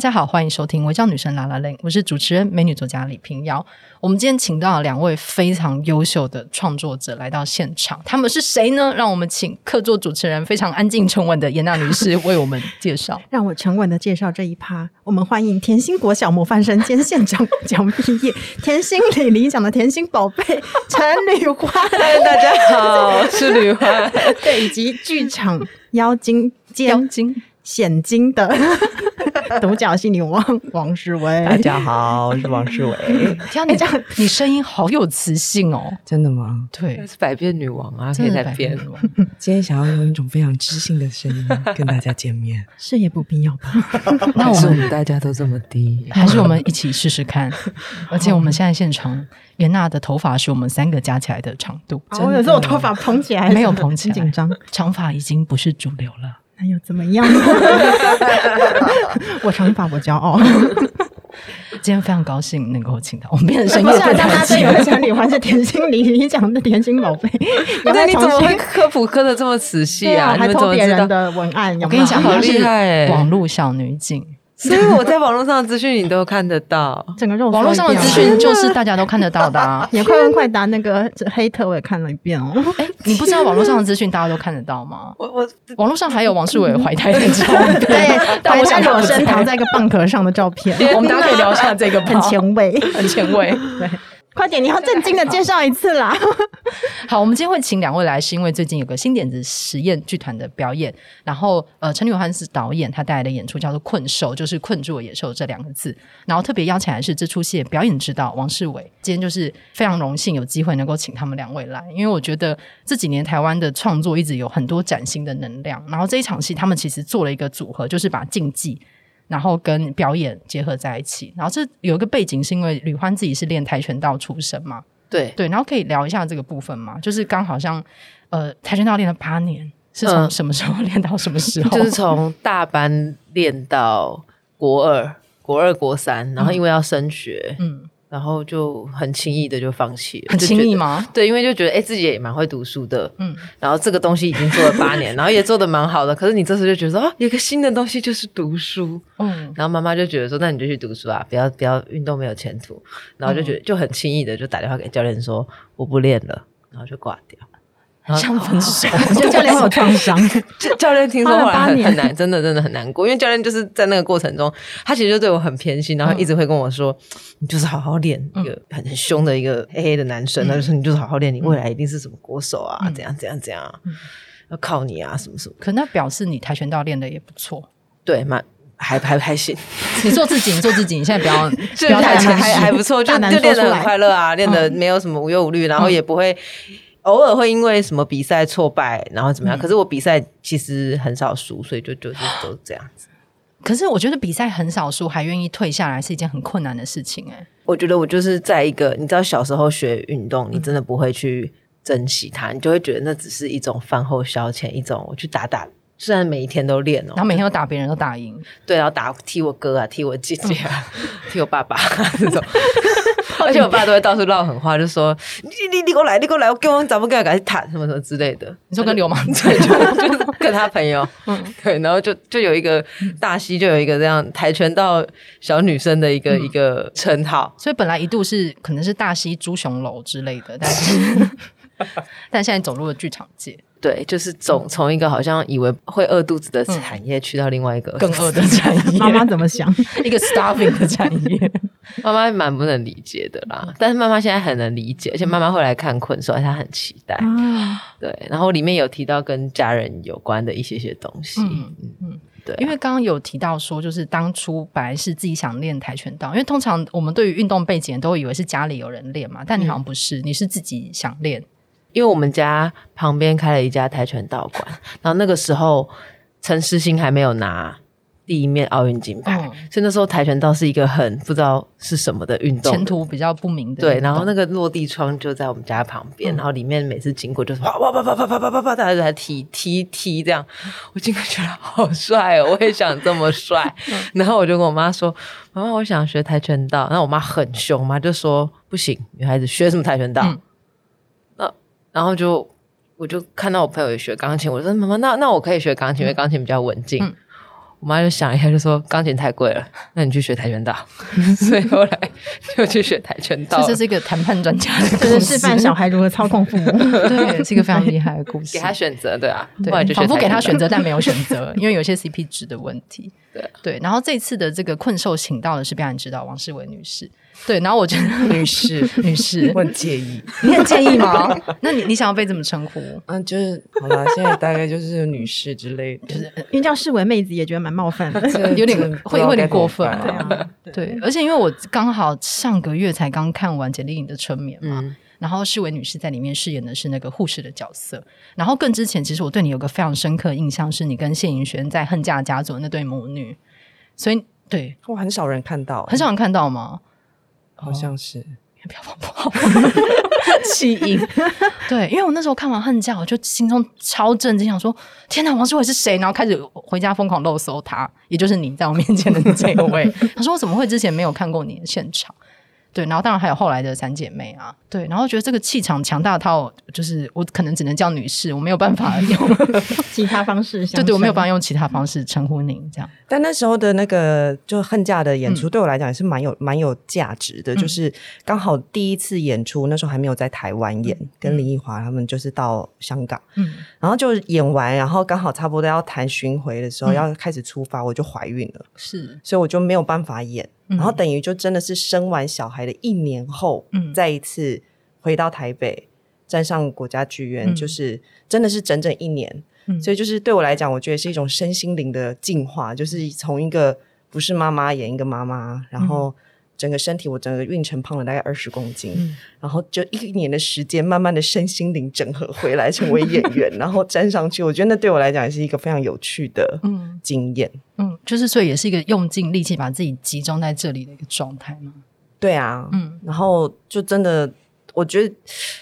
大家好，歡迎收聽《我叫女神啦啦令》，我是主持人、美女作家李平瑤。我們今天請到了兩位非常優秀的創作者來到現場，他們是誰呢？讓我們請客座主持人非常安靜、沉穩的嚴娜女士為我們介紹。讓我沉穩的介紹這一趴。我們歡迎甜心國小模範生兼現場獎畢業、甜心李理想的甜心寶貝陳女花。大家好，我 是女花。對，以及劇場妖精兼妖精險精的。獨角戲女王王、王世緯，大家好，我是王世緯。聽到你這樣、欸，你聲音好有磁性哦，真的嗎？對，是百變女王啊，正百變女王。今天想要用一種非常知性的聲音 跟大家見面，是也不必要吧？ 那我，我們大家都這麼低， 還是我們一起試試看？ 而且我們現在現場，顏 訥的頭髮是我們三個加起來的長度。我、哦哦，有這種頭髮蓬起來沒有蓬起來？起來 很緊張，長髮已經不是主流了。還、哎、有怎麼樣？ 我長髮，我驕傲。 今天非常高興能夠請到我們變身、 啊。我想大家只有甜心女還是甜心，你你講的甜心寶貝。那 你怎麼會科普？科的這麼仔細啊？ 啊你麼還偷別人的文案有有？我跟你講，好厲害耶，你是網絡小女警。 所以我在網絡上的資訊你都看得到，整個網絡上的資訊就是大家都看得到的、啊。你快問快答那個黑特，我也看了一遍哦。哎、欸，你不知道網絡上的資訊大家都看得到嗎？我我網絡上還有王世緯懷胎的照片， 對，懷上裸身躺 在一個蚌殼上的照片，我們大家可以聊一下這個， 很前衛衛， 很前衛，對。快點！你要正經的介紹一次啦。好， 好，我們今天會請兩位來，是因為最近有個新點子實驗劇團的表演。然後，呃，陳履歡是導演，他帶來的演出叫做《困獸》，就是“困住了野獸”這兩個字。然後特別邀請來是這出戲表演指導王世緯。今天就是非常榮幸有機會能夠請他們兩位來，因為我覺得這幾年台灣的創作一直有很多嶄新的能量。然後這一場戲他們其實做了一個組合，就是把競技。然後跟表演結合在一起，然後這有一個背景，是因為履歡自己是練跆拳道出身嘛？對對，然後可以聊一下這個部分嘛？就是剛好像呃，跆拳道練了八年，是從什麼時候練到什麼時候？嗯、就是從大班練到國二、國二、國三，然後因為要升學，嗯。嗯然後就很輕易的就放棄了，很輕易嗎？對，因為就覺得哎、欸，自己也蠻會讀書的，嗯，然後這個東西已經做了八年， 然後也做得蠻好的，可是你這時就覺得哦，一個新的東西就是讀書，嗯，然後媽媽就覺得說，那你就去讀書啊，不要不要運動沒有前途，然後就覺得、嗯、就很輕易的就打電話給教練說我不練了，然後就掛掉。我分手，哦、教練好創傷。 教教練聽說話很很難，真的真的很難過，因為教練就是在那個過程中，他其實就對我很偏心，然後一直會跟我說：“嗯、你就是好好練、嗯、一個很很凶的一個黑黑的男生。嗯”他就說：“你就是好好練，你未來一定是什麼國手啊，嗯、怎樣怎樣怎樣、嗯，要靠你啊，什麼什麼。”可那表示你跆拳道練得也不錯，對，還還還行。你做自己，做自己，你現在不要不要跆拳，還不錯，就就練得很快樂啊，練得沒有什麼無憂無慮、嗯，然後也不會。嗯偶爾會因為什麼比賽挫敗，然後怎麼樣？嗯、可是我比賽其實很少輸，所以就就就是、都是這樣子。可是我覺得比賽很少輸，還願意退下來，是一件很困難的事情哎、欸。我覺得我就是在一個，你知道小時候學運動，你真的不會去珍惜它，嗯、你就會覺得那只是一種飯後消遣，一種我去打打。雖然每一天都練哦、喔，他每天都打，別人都打贏，對，然後打踢我哥啊，踢我姐姐啊，踢、嗯、我爸爸、啊嗯、這種。 而且我爸都會到處烙狠話，就說 你你你給我來，你給我來，我跟我怎麼跟他談什麼什麼之類的。你說跟流氓在， 就跟他朋友， 對，然後就就有一個大溪，就有一個這樣跆拳道小女生的一個 一個稱號。所以本來一度是可能是大溪朱雄樓之類的，但是 但現在走入了劇場界。對，就是從從、嗯、一個好像以為會餓肚子的產業、嗯，去到另外一個更餓的產業。媽 媽怎麼想？ 一個 starving 的產業，媽媽蠻不能理解的啦。嗯、但是媽媽現在很能理解，而且媽媽會來看困獸，而她很期待、嗯。對，然後裡面有提到跟家人有關的一些些東西。嗯嗯，對、啊。因為剛剛有提到說，就是當初本來是自己想練跆拳道，因為通常我們對於運動背景都會以為是家裡有人練嘛，但你好像不是，嗯、你是自己想練。因為我們家旁邊開了一家跆拳道館， 然後那個時候陳詩欣還沒有拿第一面奧運金牌，哦，所以那時候跆拳道是一個很不知道是什麼的運動，前途比較不明的。對，然後那個落地窗就在我們家旁邊，嗯、然後裡面每次經過就是哇哇哇哇哇哇哇哇，啪，大家在踢踢踢這樣。我經過覺得好帥哦，我也想這麼帥。 然後我就跟我媽說：“媽媽，我想學跆拳道。”然後我媽很兇，我媽就說：“不行，女孩子學什麼跆拳道？”嗯然後就，我就看到我朋友也學鋼琴，我說媽媽，那那我可以學鋼琴，嗯、因為鋼琴比較穩定、嗯、我媽就想一下就說，鋼琴太貴了，那你去學跆拳道。嗯、 所以後來就去學跆拳道。 這是一個談判專家的故事，就是示範小孩如何操控父母。 對，是一個非常厲害的故事。 給他選擇對啊，對，我、嗯、不給他選擇，但沒有選擇，因為有些 CP 值的問題。對對，然後這次的這個困獸請到的是非常知道王世緯女士。對，然後我覺得女士，女士，我很介意。 你很介意嗎？那你你想要被怎麼稱呼？嗯，就是好啦，現在大概就是女士之類的，就是、嗯、因為叫世緯妹子也覺得蠻冒犯的，有點，會有點過分，太太啊，對。對，而且因為我剛好上個月才剛看完簡莉穎的《春眠》嘛、嗯，然後世緯女士在裡面飾演的是那個護士的角色。然後更之前，其實我對你有個非常深刻印象，是你跟謝盈萱在《恨嫁家族》那對母女。所以，對，我、哦、很少人看到、欸，很少人看到嗎？好像是、哦，不要不好。 起因。對，因為我那時候看完《恨嫁》，我就心中超震驚，想說：天哪，王世緯是誰？然後開始回家瘋狂漏搜他，也就是你在我面前的這一位。 他說：我怎麼會之前沒有看過你的現場？對，然後當然還有後來的三姐妹啊，對，然後覺得這個氣場強大，到，就是我可能只能叫女士，我沒有辦法用 其他方式。對對，我沒有辦法用其他方式稱呼您這樣。但那時候的那個就恨嫁的演出，嗯，對我來講也是蠻有蠻有價值的，嗯，就是剛好第一次演出，那時候還沒有在台灣演，嗯，跟林奕華他們就是到香港，嗯，然後就演完，然後剛好差不多要談巡迴的時候，嗯，要開始出發，我就懷孕了，是，所以我就沒有辦法演。嗯、然後等於就真的是生完小孩的一年後，嗯、再一次回到台北站上國家劇院、嗯，就是真的是整整一年、嗯，所以就是對我來講，我覺得是一種身心靈的進化，就是從一個不是媽媽演一個媽媽，然後、嗯。整個身體，我整個孕程胖了大概二十公斤，嗯，然後就一年的時間，慢慢的身心靈整合回來，成為演員， 然後站上去，我覺得那對我來講也是一個非常有趣的嗯經驗嗯，嗯，就是所以也是一個用盡力氣把自己集中在這裡的一個狀態嘛，對啊，嗯，然後就真的，我覺得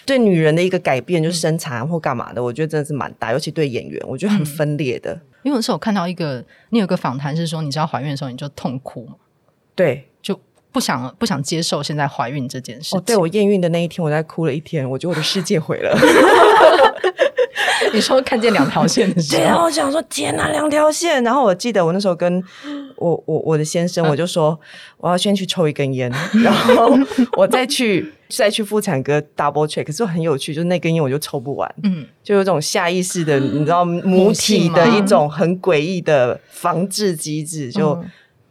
對女人的一個改變，就是身材或幹嘛的，我覺得真的是蠻大，尤其對演員，我覺得很分裂的，嗯、因為有時候我看到一個你有個訪談是說，你知道懷孕的時候你就痛哭，對，就。不想不想接受現在懷孕這件事情，哦。對，我驗孕的那一天，我在哭了一天。我覺得我的世界毀了。 你說看見兩條線的時候。對，我想說天哪，兩條線。然後我記得我那時候跟我我我的先生，嗯、我就說我要先去抽一根煙，嗯、然後我再去 再去婦產科 double check。可是很有趣，就是那根煙我就抽不完，嗯，就有種下意識的、嗯，你知道母體的一種很詭異的防治機制就。嗯嗯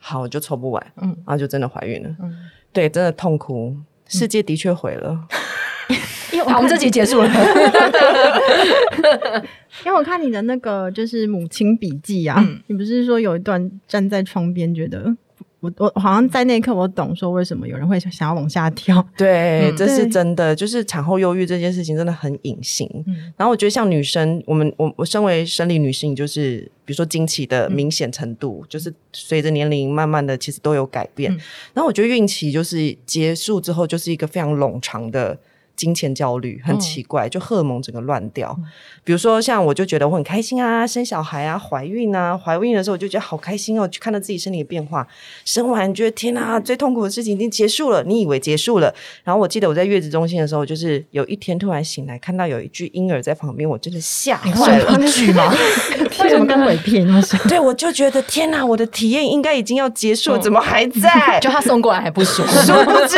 好，就抽不完，嗯，然後就真的懷孕了，嗯，對，真的痛哭，世界的確毀了。嗯 欸、好，我們這集結束了。 因為我看你的那個就是母親筆記啊、嗯，你不是說有一段站在窗邊，覺得。我我好像在那一刻我懂說為什麼有人會想要往下跳，對，嗯、這是真的，就是產後憂鬱這件事情真的很隱形、嗯。然後我覺得像女生，我們我我身為生理女性，就是比如說經期的明顯程度，嗯、就是隨着年齡慢慢的其實都有改變、嗯。然後我覺得孕期就是結束之後就是一個非常冗長的。金錢焦慮很奇怪，嗯、就荷爾蒙整個亂掉、嗯。比如說，像我就覺得我很開心啊，生小孩啊，懷孕啊，懷孕的時候我就覺得好開心哦、喔，去看到自己身體的變化。生完覺得天哪、啊，最痛苦的事情已經結束了，你以為結束了，然後我記得我在月子中心的時候，就是有一天突然醒來，看到有一具嬰兒在旁邊，我真的嚇壞了。具嗎？ 為什麼跟鬼片 對，我就覺得天哪，我的體驗應該已經要結束，了、嗯，怎麼還在？就他送過來還不說，殊 不知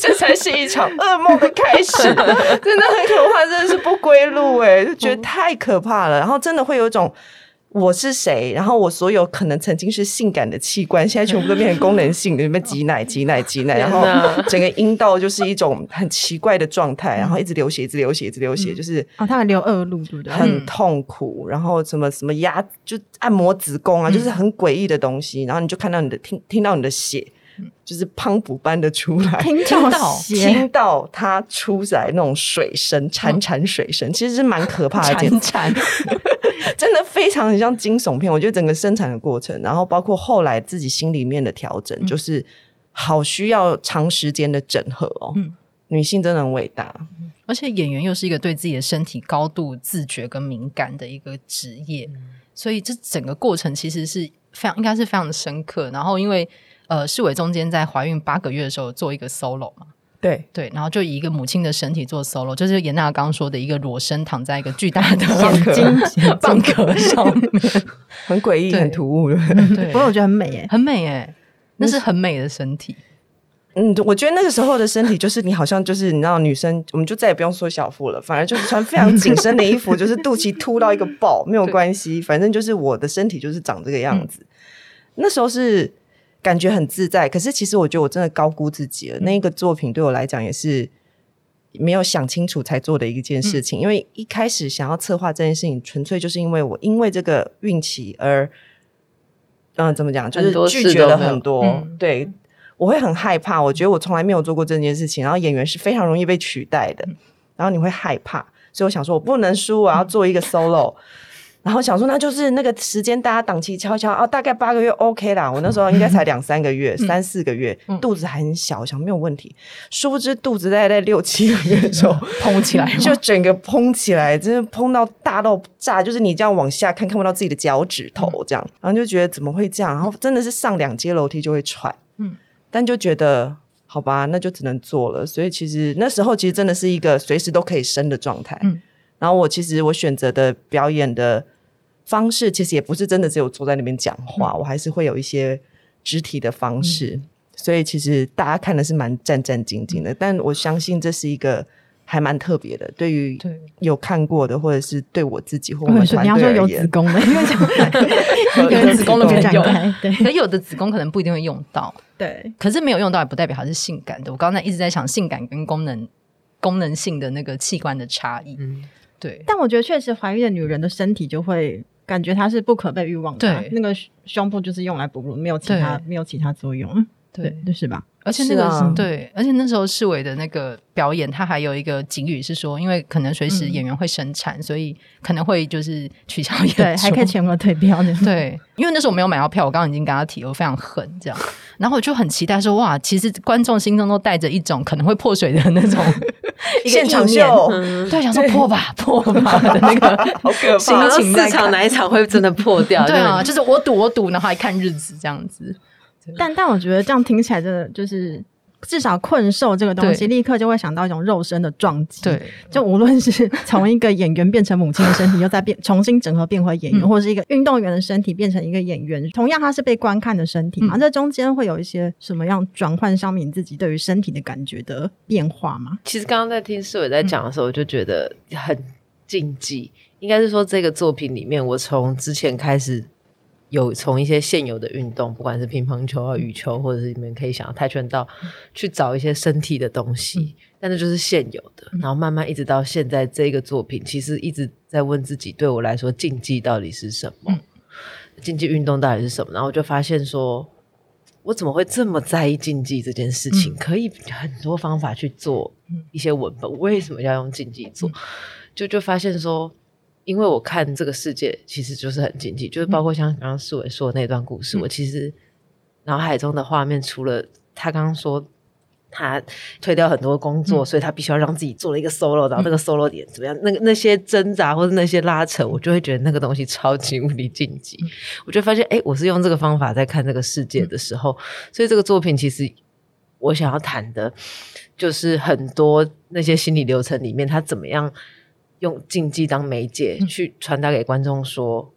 這才是一場噩夢的開始。是，真的很可怕，真的是不歸路誒、欸，就 覺得太可怕了。然後真的會有一種我是誰，然後我所有可能曾經是性感的器官，現在全部都變成功能性，裡面擠奶、擠奶、擠奶，然後整個陰道就是一種很奇怪的狀態，然後一直流血、一直流血、一直流血，嗯、就是哦，他還流惡露，對不對？很痛苦，然後什麼什麼壓，就按摩子宮啊、嗯，就是很詭異的東西，然後你就看到你的聽聽到你的血。 就是磅礴般的出來，聽到聽到它出、出來那種水聲、嗯、潺潺，水聲其實是蠻可怕的，潺潺， 真的非常像驚悚片。我覺得整個生產的過程，然後包括後來自己心裡面的調整，嗯、就是好需要長時間的整合哦、嗯。女性真的很偉大，而且演員又是一個對自己的身體高度自覺跟敏感的一個職業，嗯、所以這整個過程其實是非常應該是非常的深刻。然後因為。呃，世緯中間在懷孕八個月的時候做一個 solo 嘛。對對，然後就以一個母親的身體做 solo，就是顏訥剛剛說的一個裸身躺在一個巨大的蜆精蚌殼上面， 很詭異，很突兀對 不過我覺得很美誒，很美誒，那是很美的身體。嗯，我覺得那個時候的身體就是你好像就是你知道女生， 我們就再也不用說小腹了，反而就是穿非常緊身的衣服， 就是肚臍凸到一個爆沒有關係，反正就是我的身體就是長這個樣子。嗯、那時候是。感覺很自在，可是其實我覺得我真的高估自己了。嗯、那個作品對我來講也是沒有想清楚才做的一件事情、嗯，因為一開始想要策劃這件事情，純粹就是因為我因為這個孕期而，嗯，怎麼講，就是拒絕了很多。很多嗯、對，我會很害怕，我覺得我從來沒有做過這件事情。然後演員是非常容易被取代的，嗯、然後你會害怕，所以我想說，我不能輸，我要做一個 solo、嗯。嗯然後想說，那就是那個時間，大家檔期敲一敲，哦、啊，大概八個月 OK 啦、嗯。我那時候應該才兩三個月、嗯、三四個月，嗯、肚子還很小，想沒有問題。殊、嗯、不知肚子大概在六七個月的時候膨、嗯、起來，就整個膨起來，真的膨到大到炸，就是你這樣往下看，看不到自己的腳趾頭這樣、嗯。然後就覺得怎麼會這樣？然後真的是上兩階樓梯就會喘。嗯，但就覺得好吧，那就只能做了。所以其實那時候其實真的是一個隨時都可以生的狀態。嗯然後我其實我選擇的表演的方式，其實也不是真的只有坐在那邊講話，嗯、我還是會有一些肢體的方式、嗯。所以其實大家看的是蠻戰戰兢兢的、嗯，但我相信這是一個還蠻特別的。對於有看過的，或者是對我自己或我們，你要說有子宮的，因 為 有子宮的比較，可有的子宮可能不一定會用到，對，可是沒有用到也不代表它是性感的。我剛才一直在想性感跟功能、功能性的那個器官的差異。嗯對，但我覺得確實懷孕的女人的身體就會感覺她是不可被慾望的、啊對，那個胸部就是用來哺乳，沒有其他沒有其他作用、啊，對，對就是吧？而且那個是、啊、對，而且那時候世緯的那個表演，它還有一個警語是說，因為可能隨時演員會生產、嗯，所以可能會就是取消演出，對，還可以全額退票 對，因為那時候我沒有買到票，我剛剛已經跟他提，我非常狠這樣。 然後我就很期待說，哇，其實觀眾心中都帶着一種可能會破水的那種 現場秀，嗯。對，想說破吧破吧的那個 心情，四場哪一場會真的破掉？ 對啊對，就是我賭我賭，然後還看日子這樣子。但但我覺得這樣聽起來真的就是。至少困獸這個東西，立刻就會想到一種肉身的撞擊。對，就無論是從一個演員變成母親的身體，又再變 重新整合變回演員，嗯、或者是一個運動員的身體變成一個演員，嗯、同樣它是被觀看的身體啊、嗯。這中間會有一些什麼樣轉換上面，你自己對於身體的感覺的變化嗎？其實剛剛在聽世緯在講的時候，我就覺得很禁忌。嗯、應該是說這個作品裡面，我從之前開始。有從一些現有的運動，不管是乒乓球啊、羽球，或者是你們可以想到跆拳道，去找一些身體的東西，但是就是現有的。然後慢慢一直到現在這個作品，其實一直在問自己，對我來說競技到底是什麼？嗯、競技運動到底是什麼？然後就發現說，我怎麼會這麼在意競技這件事情、嗯？可以很多方法去做一些文本，為什麼要用競技做？就就發現說。因為我看這個世界其實就是很競技、嗯。就是包括像剛剛世緯說的那段故事，嗯、我其實腦海中的畫面除了他剛剛說他推掉很多工作、嗯，所以他必須要讓自己做了一個 solo，、嗯、然後那個 solo 點怎麼樣，那個那些掙扎或者那些拉扯，我就會覺得那個東西超級無理競技、嗯。我就發現，哎、欸，我是用這個方法在看這個世界的時候、嗯，所以這個作品其實我想要談的就是很多那些心理流程裡面他怎麼樣。用競技當媒介去傳達給觀眾，說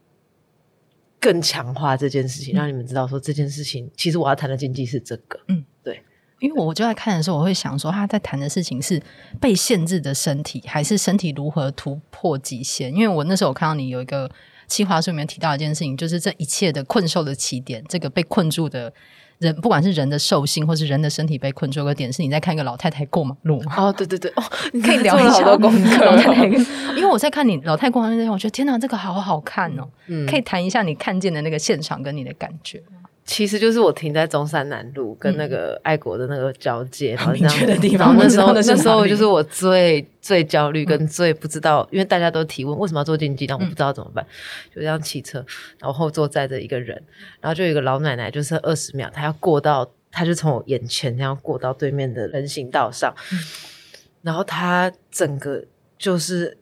更強化這件事情，嗯，讓你們知道說這件事情，其實我要談的競技是這個。嗯，對，因為我就在看的時候，我會想說他在談的事情是被限制的身體，還是身體如何突破極限？因為我那時候我看到你有一個計劃書裡面提到的一件事情，就是這一切的困獸的起點，這個被困住的。人不管是人的獸性，或是人的身體被困住，有個點是，你在看一個老太太過馬路。哦，對對對，你、 哦、可以聊一下 老太太。因為我在看你老太過馬路那我覺得天哪，這個好好看哦。嗯，可以談一下你看見的那個現場跟你的感覺。其實就是我停在中山南路跟那個愛國的那個交界，好、嗯、明確的地方。那時候那，那時候就是我最最焦慮跟最不知道，因為大家都提問為什麼要做競技，嗯、然後我不知道怎麼辦。就這樣騎車，然後後座載着一個人，嗯，然後就有一個老奶奶，就是二十秒，她要過到，她就從我眼前這樣過到對面的人行道上，嗯、然後她整個就是。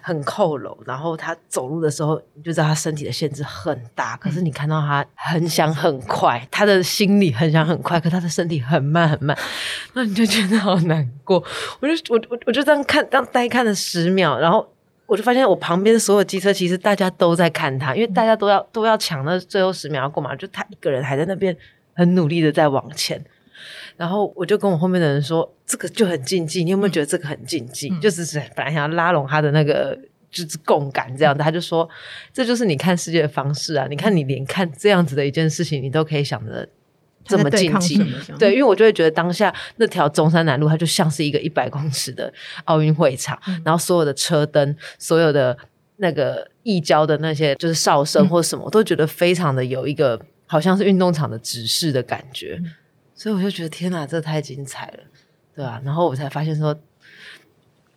很佝僂，然後他走路的時候，你就知道他身體的限制很大。可是你看到他很想很快，他的心裡很想很快，可他的身體很慢很慢，那你就覺得好難過。我就我我我就這樣看，當呆看了十秒，然後我就發現我旁邊所有機車其實大家都在看他，因為大家都要都要搶那最後十秒要過嘛，就他一個人還在那邊很努力的在往前。然後我就跟我後面的人說：“這個就很禁忌，你有沒有覺得這個很禁忌？嗯、就是本來想要拉攏他的那個，就是共感這樣的。嗯”他就說：“這就是你看世界的方式啊！嗯、你看，你連看這樣子的一件事情，你都可以想着這麼禁忌。對，對，因為我就會覺得當下那條中山南路，它就像是一個一百公尺的奧運會場、嗯，然後所有的車燈、所有的那個義交的那些就是哨聲或什麼，嗯、我都覺得非常的有一個好像是運動場的指示的感覺。嗯”所以我就覺得天吶，這太精彩了，對啊，然後我才發現說，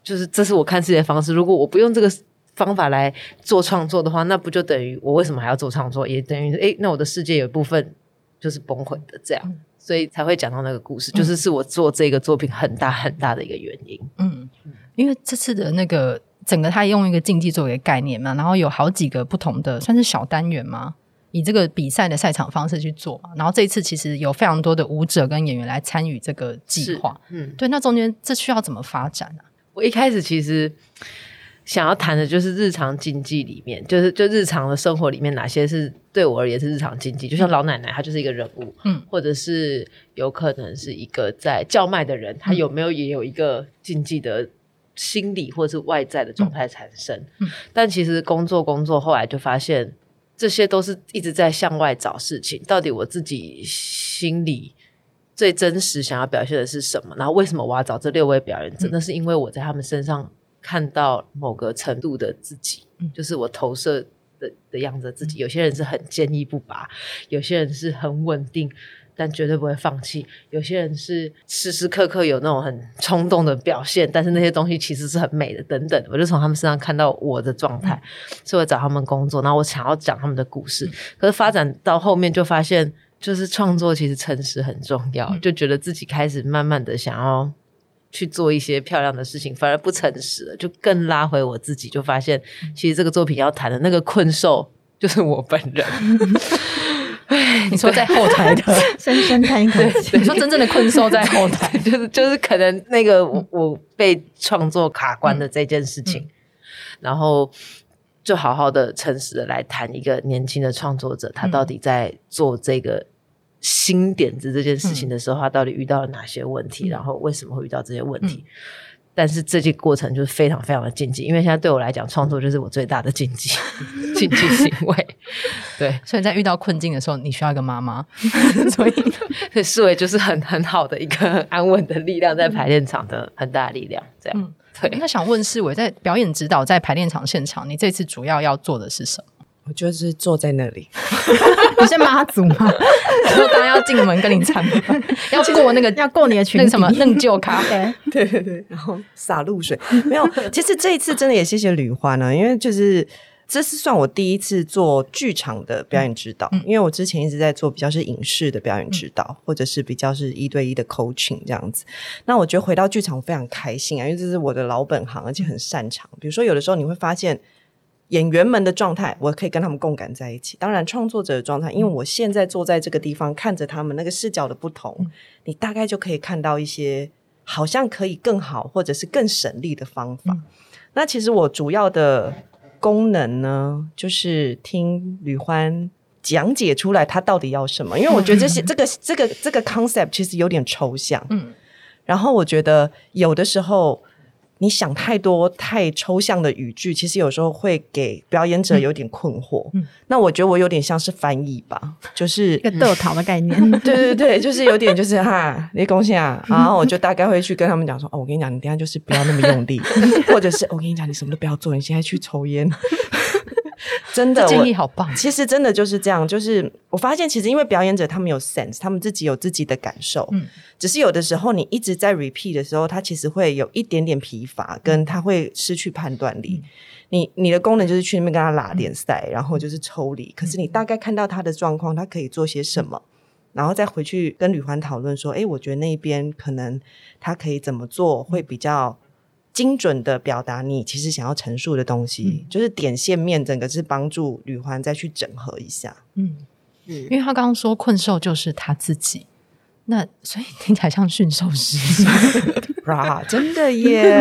就是這是我看世界的方式。如果我不用這個方法來做創作的話，那不就等於我為什麼還要做創作？也等於哎，那我的世界有一部分就是崩潰的這樣，嗯。所以才會講到那個故事，就是是我做這個作品很大很大的一個原因。嗯，因為這次的那個整個它用一個競技作為概念嘛，然後有好幾個不同的，算是小單元嗎？以這個比賽的賽場方式去做嘛，然後這一次其實有非常多的舞者跟演員來參與這個計劃，嗯，對。那中間這需要怎麼發展啊？我一開始其實想要談的就是日常競技裡面，就是就日常的生活裡面哪些是對我而言是日常競技？嗯，就像老奶奶，她就是一個人物，嗯，或者是有可能是一個在叫賣的人，嗯，她有沒有也有一個競技的心理或是外在的狀態產生？嗯，嗯，但其實工作工作後來就發現。這些都是一直在向外找事情，到底我自己心裡最真實想要表現的是什麼？然後為什麼我要找這六位表演者？那是因為我在他們身上看到某個程度的自己，就是我投射的的樣子。自己有些人是很堅毅不拔，有些人是很穩定。但絕對不會放棄。有些人是時時刻刻有那種很衝動的表現，但是那些東西其實是很美的。等等，我就從他們身上看到我的狀態，所以我找他們工作，然後我想要講他們的故事。可是發展到後面，就發現就是創作其實誠實很重要，就覺得自己開始慢慢的想要去做一些漂亮的事情，反而不誠實了，就更拉回我自己，就發現其實這個作品要談的那個困獸就是我本人。 你說在後台的， 深深談一談 你說真正的困獸在後台， 就是就是可能那個我、嗯、我被創作卡關的這件事情，嗯、然後就好好的、誠實的來談一個年輕的創作者，他到底在做這個新點子這件事情的時候，他到底遇到了哪些問題，嗯、然後為什麼會遇到這些問題？嗯嗯但是這些過程就是非常非常的競技，因為現在對我來講，創作就是我最大的競技， 競技行為。 對，所以在遇到困境的時候，你需要一個媽媽， 所以，所以世緯就是很很好的一個安穩的，的，的力量，在排練場的很大力量。這樣，對。那想問世緯，在表演指導，在排練場現場，你這次主要要做的是什麼？我就是坐在那裡， 我媽嘛 是媽祖嗎？我剛要進門跟你談， 要過那個 要過你的群那個什麼嫩舊咖啡，那個 okay. 對對對，然後灑露水 沒有。其實這一次真的也謝謝履歡呢，因為就是這是算我第一次做劇場的表演指導、嗯，因為我之前一直在做比較是影視的表演指導，嗯、或者是比較是一對一的 coaching 這樣子。嗯、那我覺得回到劇場非常開心啊，因為這是我的老本行，而且很擅長。嗯、比如說有的時候你會發現。演員們的狀態，我可以跟他們共感在一起。當然，創作者的狀態，因為我現在坐在這個地方看着他們那個視角的不同、嗯，你大概就可以看到一些好像可以更好或者是更省力的方法。嗯、那其實我主要的功能呢，就是聽履歡講解出來他到底要什麼，因為我覺得這些這個這個這個 concept 其實有點抽象。嗯，然後我覺得有的時候。你想太多，太抽象的語句，其實有時候會給表演者有點困惑。嗯，那我覺得我有點像是翻譯吧，就是一個逗淘的概念。對對對，就是有點就是 哈，你工先生啊，然後我就大概會去跟他們講說，哦，我跟你講，你等下就是不要那麼用力， 或者是我跟你講，你什麼都不要做，你現在去抽煙。 真的，這建議好棒。其實真的就是這樣，就是我發現，其實因為表演者他們有 sense，他們自己有自己的感受。嗯，只是有的時候你一直在 repeat 的時候，他其實會有一點點疲乏，嗯、跟他會失去判斷力。嗯、你你的功能就是去那邊跟他拉點塞、嗯，然後就是抽離。可是你大概看到他的狀況，他可以做些什麼，嗯、然後再回去跟履歡討論說：“哎，我覺得那邊可能他可以怎麼做、嗯、會比較。”精準的表達你其實想要陳述的東西，嗯，就是點線面整個是幫助履歡再去整合一下。嗯，因為他剛剛說困獸就是他自己，那所以聽起來像馴獸師，ra、 啊、真的耶！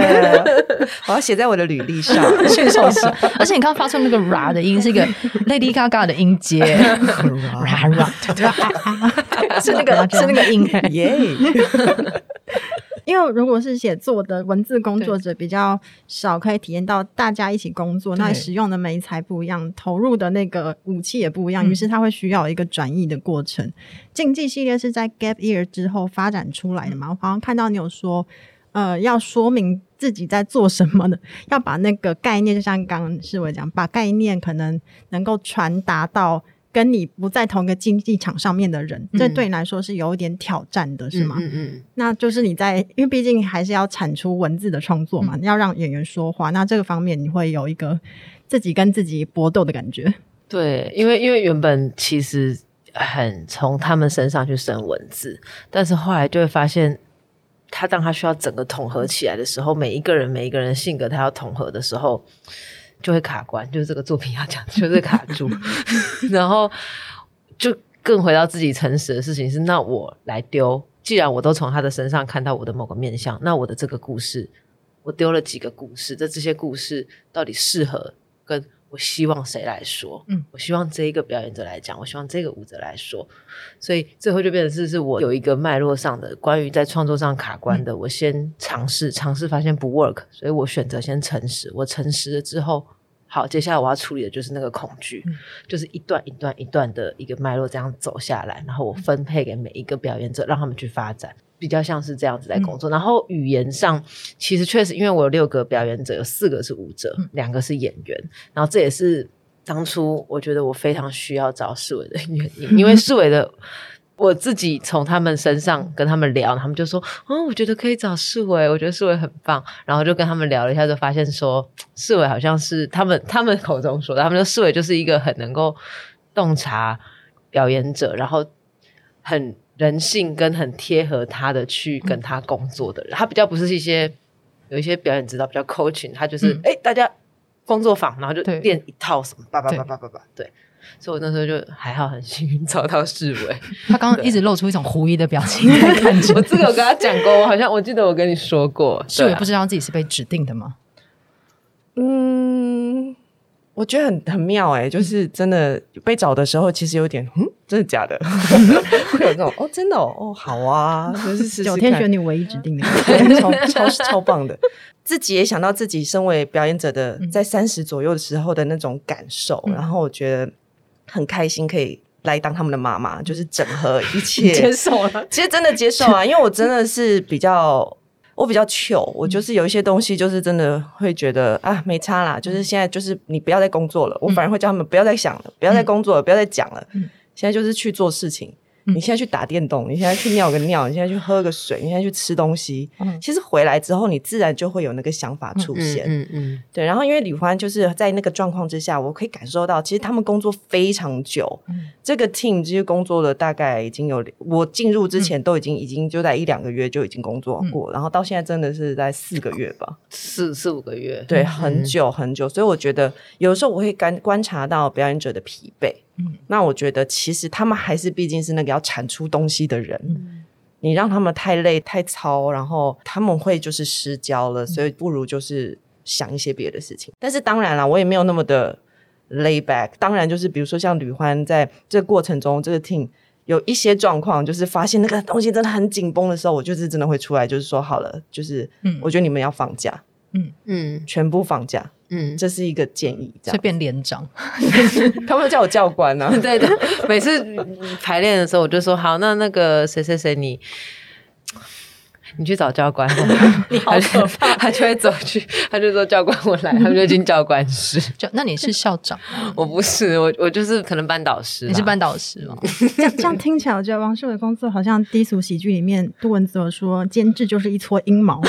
我要寫在我的履歷上，馴 獸獸師。 而且你剛剛發出那個 ra 的音是一個 Lady Gaga 的音階，ra ra，是那個 是那個音 耶。 因為如果是寫作的文字工作者比較少，可以體驗到大家一起工作，那使用的媒材不一樣，投入的那個武器也不一樣、嗯，於是他會需要一個轉譯的過程。競技系列是在 Gap Year 之後發展出來的嘛、嗯？我好像看到你有說，呃，要說明自己在做什麼的，要把那個概念，就像剛剛世緯講，把概念可能能夠傳達到。跟你不在同一個競技場上面的人，這對你來說是有一點挑戰的，是嗎？嗯嗯，嗯，那就是你在，因為畢竟還是要產出文字的創作嘛，嗯，要讓演員說話，那這個方面你會有一個自己跟自己搏鬥的感覺。對，因為因為原本其實很從他們身上去生文字，但是後來就會發現，他當他需要整個統合起來的時候，每一個人每一個人性格，他要統合的時候。就會卡關，就是這個作品要講就是卡住， 然後就更回到自己誠實的事情是，那我來丟，既然我都從他的身上看到我的某個面相，那我的這個故事，我丟了幾個故事，這這些故事到底適合跟我希望誰來說？嗯，我希望這一個表演者來講，我希望這個舞者來說，所以最後就變成是是我有一個脈絡上的關於在創作上卡關的，嗯、我先嘗試嘗試發現不 work，所以我選擇先誠實，我誠實了之後。好，接下來我要處理的就是那個恐懼、嗯，就是一段一段一段的一個脈絡這樣走下來，然後我分配給每一個表演者，嗯、讓他們去發展，比較像是這樣子在工作、嗯。然後語言上，其實確實因為我有六個表演者，有四個是舞者，兩、嗯、個是演員，然後這也是當初我覺得我非常需要找世緯的原因，嗯、因為世緯的。 我自己從他們身上跟他們聊，他們就說：“哦，我覺得可以找世緯，我覺得世緯很棒。”然後就跟他們聊了一下，就發現說，世緯好像是他們他們口中說的，他們說世緯就是一個很能夠洞察表演者，然後很人性跟很貼合他的去跟他工作的人。他比較不是一些，有一些表演指導比較 coaching，他就是哎、嗯欸，大家工作坊，然後就練一套什麼叭叭叭叭叭，對。對對所以，我那時候就還好，很幸運找到世緯。他剛剛一直露出一種狐疑的表情， 我這個跟他講過，我好像我記得我跟你說過，啊、世緯不知道自己是被指定的嗎？嗯，我覺得很很妙哎、欸，就是真的，嗯，被找的時候，其實有點，嗯，真的假的？會 有那種哦，真的哦，哦，好啊，這是九天玄女唯一指定的， 超超超棒的。 自己也想到自己身為表演者的，嗯，在三十左右的時候的那種感受，嗯、然後我覺得。很開心可以來當他們的媽媽，就是整合一切。接受了，其實真的接受啊， 因為我真的是比較， 我比較糗，我就是有一些東西，就是真的會覺得、嗯、啊，沒差啦。就是現在，就是你不要再工作了、嗯，我反而會叫他們不要再想了，不要再工作了，了、嗯，不要再講了、嗯。現在就是去做事情。你現在去打電動，你現在去尿個尿，你現在去喝個水，你現在去吃東西，嗯、其實回來之後，你自然就會有那個想法出現。嗯嗯，嗯。對，然後因為履歡就是在那個狀況之下，我可以感受到，其實他們工作非常久。嗯。這個 team 其實工作的大概已經有我進入之前都已經、嗯、已經就在一兩個月就已經工作過，嗯、然後到現在真的是在四個月吧，四四五個月。對，很久很久、嗯，所以我覺得有的時候我會觀觀察到表演者的疲憊。那我覺得，其實他們還是畢竟是那個要產出東西的人，嗯。你讓他們太累太操，然後他們會就是失焦了，嗯，所以不如就是想一些別的事情。但是當然了，我也沒有那麼的 lay back。當然，就是比如說像履歡在這個過程中，這個 team 有一些狀況，就是發現那個東西真的很緊繃的時候，我就是真的會出來，就是說好了，就是嗯，我覺得你們要放假，嗯嗯，全部放假。嗯嗯嗯，這是一個建議這樣，隨便連長， 他們都叫我教官呢、啊。 對對，每次排練的時候，我就說好，那那個誰誰誰，你你去找教官。 你好可怕。他就，他就會走去，他就說教官，我來。 他們就進教官室。 就那你是校長， 我不是，我我就是可能班導師。你是班導師嗎？ 這，樣這樣聽起來，我覺得王世緯工作好像低俗喜劇裡面杜文澤說，監製就是一撮陰毛。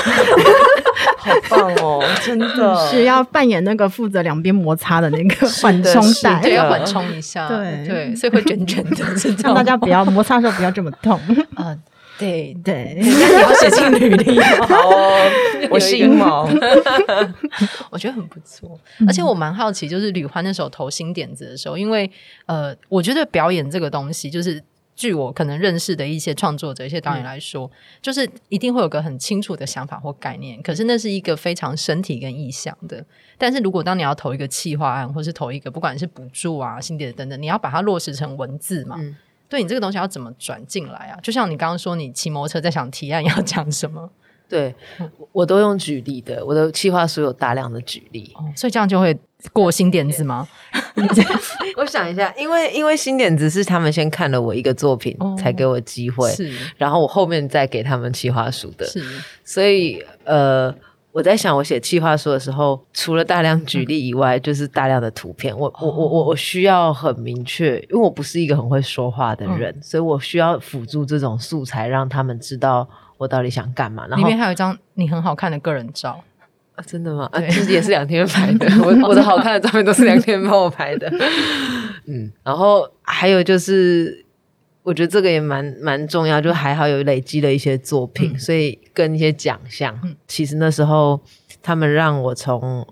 好棒哦！真的 是要扮演那個負責兩邊摩擦的那個緩衝帶，對，要緩衝一下。對對，所以會卷卷的， 讓大家不要摩擦的時候不要這麼痛。啊、 呃，對對，家要寫心女的陰謀。我是陰毛， 我覺得很不錯、嗯。而且我蠻好奇，就是履歡那時候投新點子的時候，因為呃，我覺得表演這個東西就是。據我可能認識的一些創作者、一些導演來說，嗯，就是一定會有個很清楚的想法或概念。可是那是一個非常身體跟意向的。但是如果當你要投一個企劃案，或是投一個不管是補助啊、新點等等，你要把它落實成文字嘛，嗯。對你這個東西要怎麼轉進來啊？就像你剛剛說，你騎摩托車在想提案要講什麼。嗯。對、嗯，我都用舉例的，我的企劃書有大量的舉例。哦，所以這樣就會過新點子嗎？ 我想一下，因為因為新點子是他們先看了我一個作品，哦，才給我機會，是，然後我後面再給他們企劃書的，是，所以呃，我在想我寫企劃書的時候，除了大量舉例以外，嗯、就是大量的圖片，我我我我我需要很明確，因為我不是一個很會說話的人，嗯、所以我需要輔助這種素材，讓他們知道。我到底想幹嘛？然後裡面還有一張你很好看的個人照、啊、真的嗎？其實、啊、也是兩天拍的。 我我的好看的照片都是兩天幫我拍的。 嗯，然後還有就是，我覺得這個也蠻蠻重要，就還好有累積的一些作品、嗯，所以跟一些獎項、嗯。其實那時候他們讓我從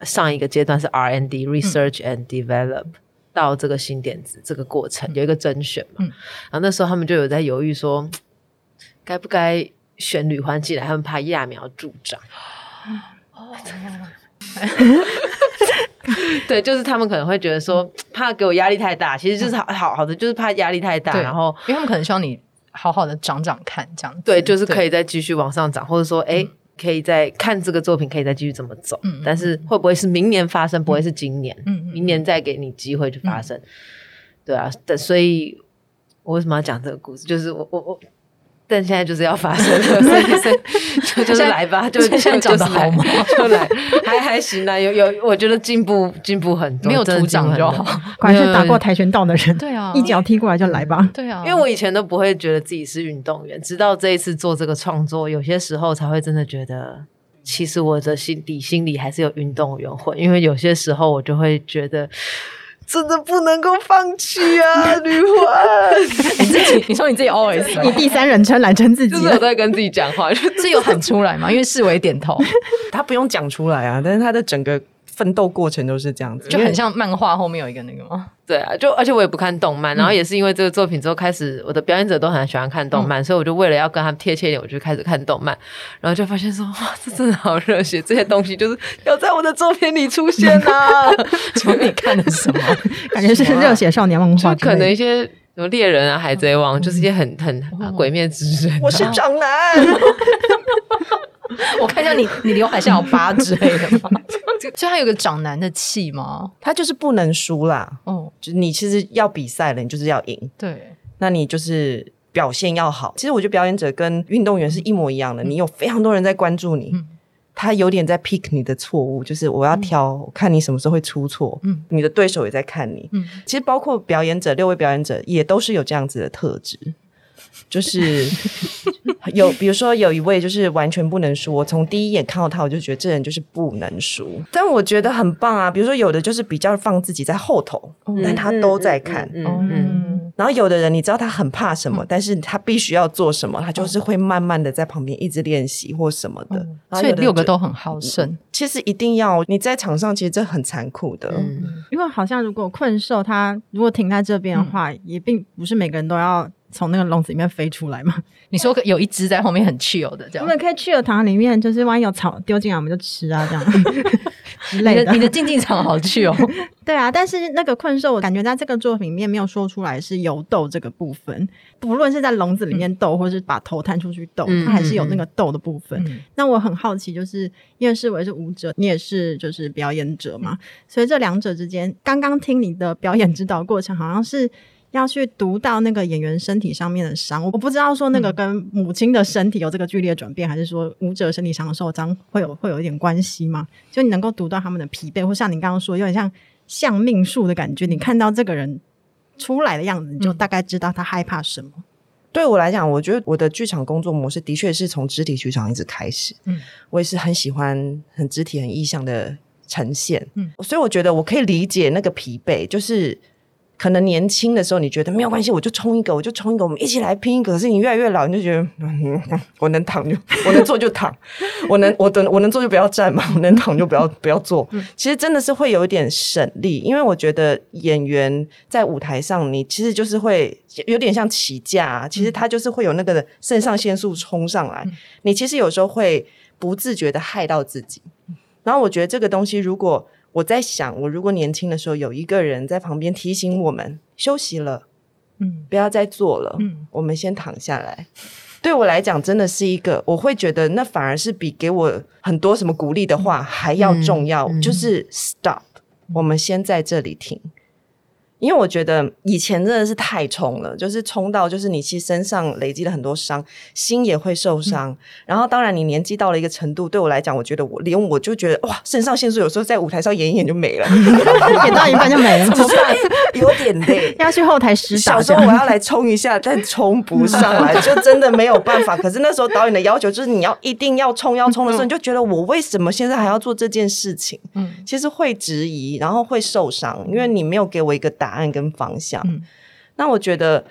上一個階段是 R&D（Research、嗯、and Develop）、嗯、到這個新點子這個過程、嗯、有一個甄選嘛、嗯。然後那時候他們就有在猶豫說。該不該選履歡進來？他們怕揠苗助長。哦，怎樣了？對，就是他們可能會覺得說，嗯、怕給我壓力太大。其實就是好好，好的，就是怕壓力太大、嗯。然後，因為他們可能希望你好好的長長看，這樣子對，就是可以再繼續往上長或者說，哎、欸，可以再看這個作品，可以再繼續怎麼走、嗯。但是會不會是明年發生？嗯、不會是今年？嗯、明年再給你機會去發生、嗯。對啊，所以，我為什麼要講這個故事？就是我我我。但現在就是要發生了，所以所以就就是來吧，現就現在長得好嗎， 就來，還 還行啊，有有，我覺得進步進步很多，沒有禿長就好，果然 是打過跆拳道的人， 對啊，一腳踢過來就來吧，對啊，對啊，因為我以前都不會覺得自己是運動員，直到這一次做這個創作，有些時候才會真的覺得，其實我的心底心裡還是有運動員魂，因為有些時候我就會覺得。真的不能夠放棄啊， 履歡、欸！你自己，你說你自己 always，以第三人稱來稱自己，都、就是、在跟自己講話，這 有喊出來嗎？因為世緯點頭， 他不用講出來啊，但是他的整個。奮鬥過程都是這樣子，就很像漫畫後面有一個那個嗎？對啊，就而且我也不看動漫、嗯，然後也是因為這個作品之後開始，我的表演者都很喜歡看動漫，嗯，所以我就為了要跟他們貼切一點，我就開始看動漫，然後就發現說哇，這真的好熱血！這些東西就是要在我的作品裡出現啊。」請問你看的什麼？ 感覺是熱血少年漫畫，啊，就可能一些什麼獵人啊、海賊王，就是一些很很，哦啊，鬼滅之刃，啊。我是長男， 我看一下你，你劉海像有疤之類的嗎？ 所以他有個長男的氣嗎？他就是不能輸啦。哦、oh.，就你其實要比賽了，你就是要贏。對，那你就是表現要好。其實我覺得表演者跟運動員是一模一樣的。嗯、你有非常多人在關注你、嗯，他有點在 pick 你的錯誤，就是我要挑，嗯、看你什麼時候會出錯。嗯，你的對手也在看你。嗯，其實包括表演者，六位表演者也都是有這樣子的特質。 就是有，比如說有一位，就是完全不能輸。我從第一眼看到他，我就覺得這人就是不能輸。但我覺得很棒啊。比如說有的就是比較放自己在後頭，但他都在看。嗯，然後有的人你知道他很怕什麼，但是他必須要做什麼，他就是會慢慢的在旁邊一直練習或什麼的。所以六個都很好勝。其實一定要你在場上，其實這很殘酷的，因為好像如果困獸，他如果停在這邊的話，也並不是每個人都要。從那個籠子裡面飛出來嘛。你說有一隻在後面很 chill 的這樣，我們可以 chill 糖裡面，就是萬一有草丟進來，我們就吃啊，這樣 之類的、的。你的競技場好 chill，對啊。但是那個困獸，我感覺在這個作品裡面沒有說出來是有鬥這個部分，不論是在籠子裡面鬥，嗯、或者是把頭探出去鬥，嗯、它還是有那個鬥的部分。那、嗯嗯、我很好奇，就是因為世緯是舞者，你也是就是表演者嘛，嗯、所以這兩者之間，剛剛聽你的表演指導過程，好像是。要去讀到那個演員身體上面的傷，我不知道說那個跟母親的身體有這個劇烈轉變，嗯、還是說舞者身體上的受傷會有會有一點關係嗎？就你能夠讀到他們的疲憊，或像你剛剛說，有點像像命數的感覺，你看到這個人出來的樣子，你就大概知道他害怕什麼、嗯。對我來講，我覺得我的劇場工作模式的確是從肢體劇場一直開始，嗯，我也是很喜歡很肢體很意象的呈現，嗯，所以我覺得我可以理解那個疲憊，就是。可能年輕的時候你覺得沒有關係，我就衝一個，我就衝一個，我們一起來拼一個。可是你越來越老，你就覺得、嗯嗯、我能躺就我能坐就躺， 我能我等我，我能坐就不要站嘛，我能躺就不要不要坐、嗯。其實真的是會有一點省力，因為我覺得演員在舞台上，你其實就是會有點像起價、啊，其實他就是會有那個腎上腺素衝上來、嗯，你其實有時候會不自覺地害到自己。然後我覺得這個東西如果。我在想，我如果年輕的時候有一個人在旁邊提醒我們休息了，嗯，不要再做了，嗯，我們先躺下來，對我來講真的是一個，我會覺得那反而是比給我很多什麼鼓勵的話還要重要，嗯，就是 stop，嗯，我們先在這裡停。因為我覺得以前真的是太衝了，就是衝到就是你其實身上累積了很多傷，心也會受傷。然後當然你年紀到了一個程度，對我來講，我覺得我連我就覺得哇，腎上腺素有時候在舞台上演一演就沒了， 演到一半就沒了， 只是有點累， 要去後台洗澡。小時候我要來衝一下， 但衝不上來，就真的沒有辦法。可是那時候導演的要求就是你要一定要衝，要衝的時候你就覺得我為什麼現在還要做這件事情？嗯，其實會質疑，然後會受傷，因為你沒有給我一個答。答案跟方向。嗯，那我覺得，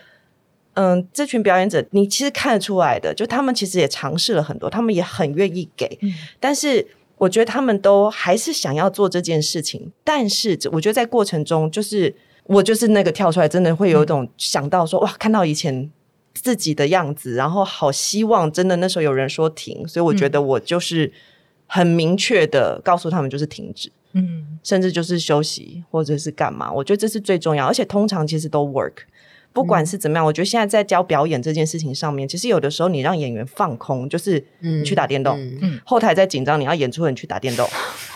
嗯，這群表演者，你其實看得出來的，就他們其實也嘗試了很多，他們也很願意給，嗯，但是我覺得他們都還是想要做這件事情。但是我覺得在過程中，就是我就是那個跳出來，真的會有一種想到說，嗯，哇，看到以前自己的樣子，然後好希望真的那時候有人說停，所以我覺得我就是很明確的告訴他們，就是停止。嗯。嗯，甚至就是休息或者是幹嘛，我覺得這是最重要。而且通常其實都 work，不管是怎麼樣，嗯，我覺得現在在教表演這件事情上面，其實有的時候你讓演員放空，就是去，嗯嗯，你，你去打電動，後台在緊張，你要演出人你去打電動。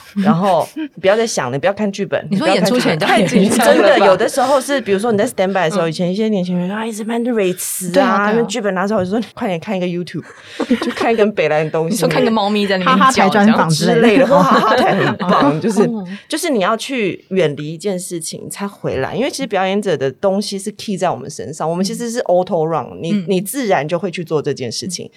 然後不要再想了，不要看劇本。你說演出前就太緊張，真的。有的時候是，比如說你在 stand by 的時候、嗯，以前一些年輕人說 啊，一直看瑞慈啊，劇本拿走，我就說你快點看一個 YouTube， 就看一個北爛的東西，就看個貓咪在那面踩磚房之類的話， 哈哈，太棒， 就是就是你要去遠離一件事情才回來，因為其實表演者的東西是 key 在我們身上，嗯、我們其實是 auto run，、嗯、你你自然就會去做這件事情。嗯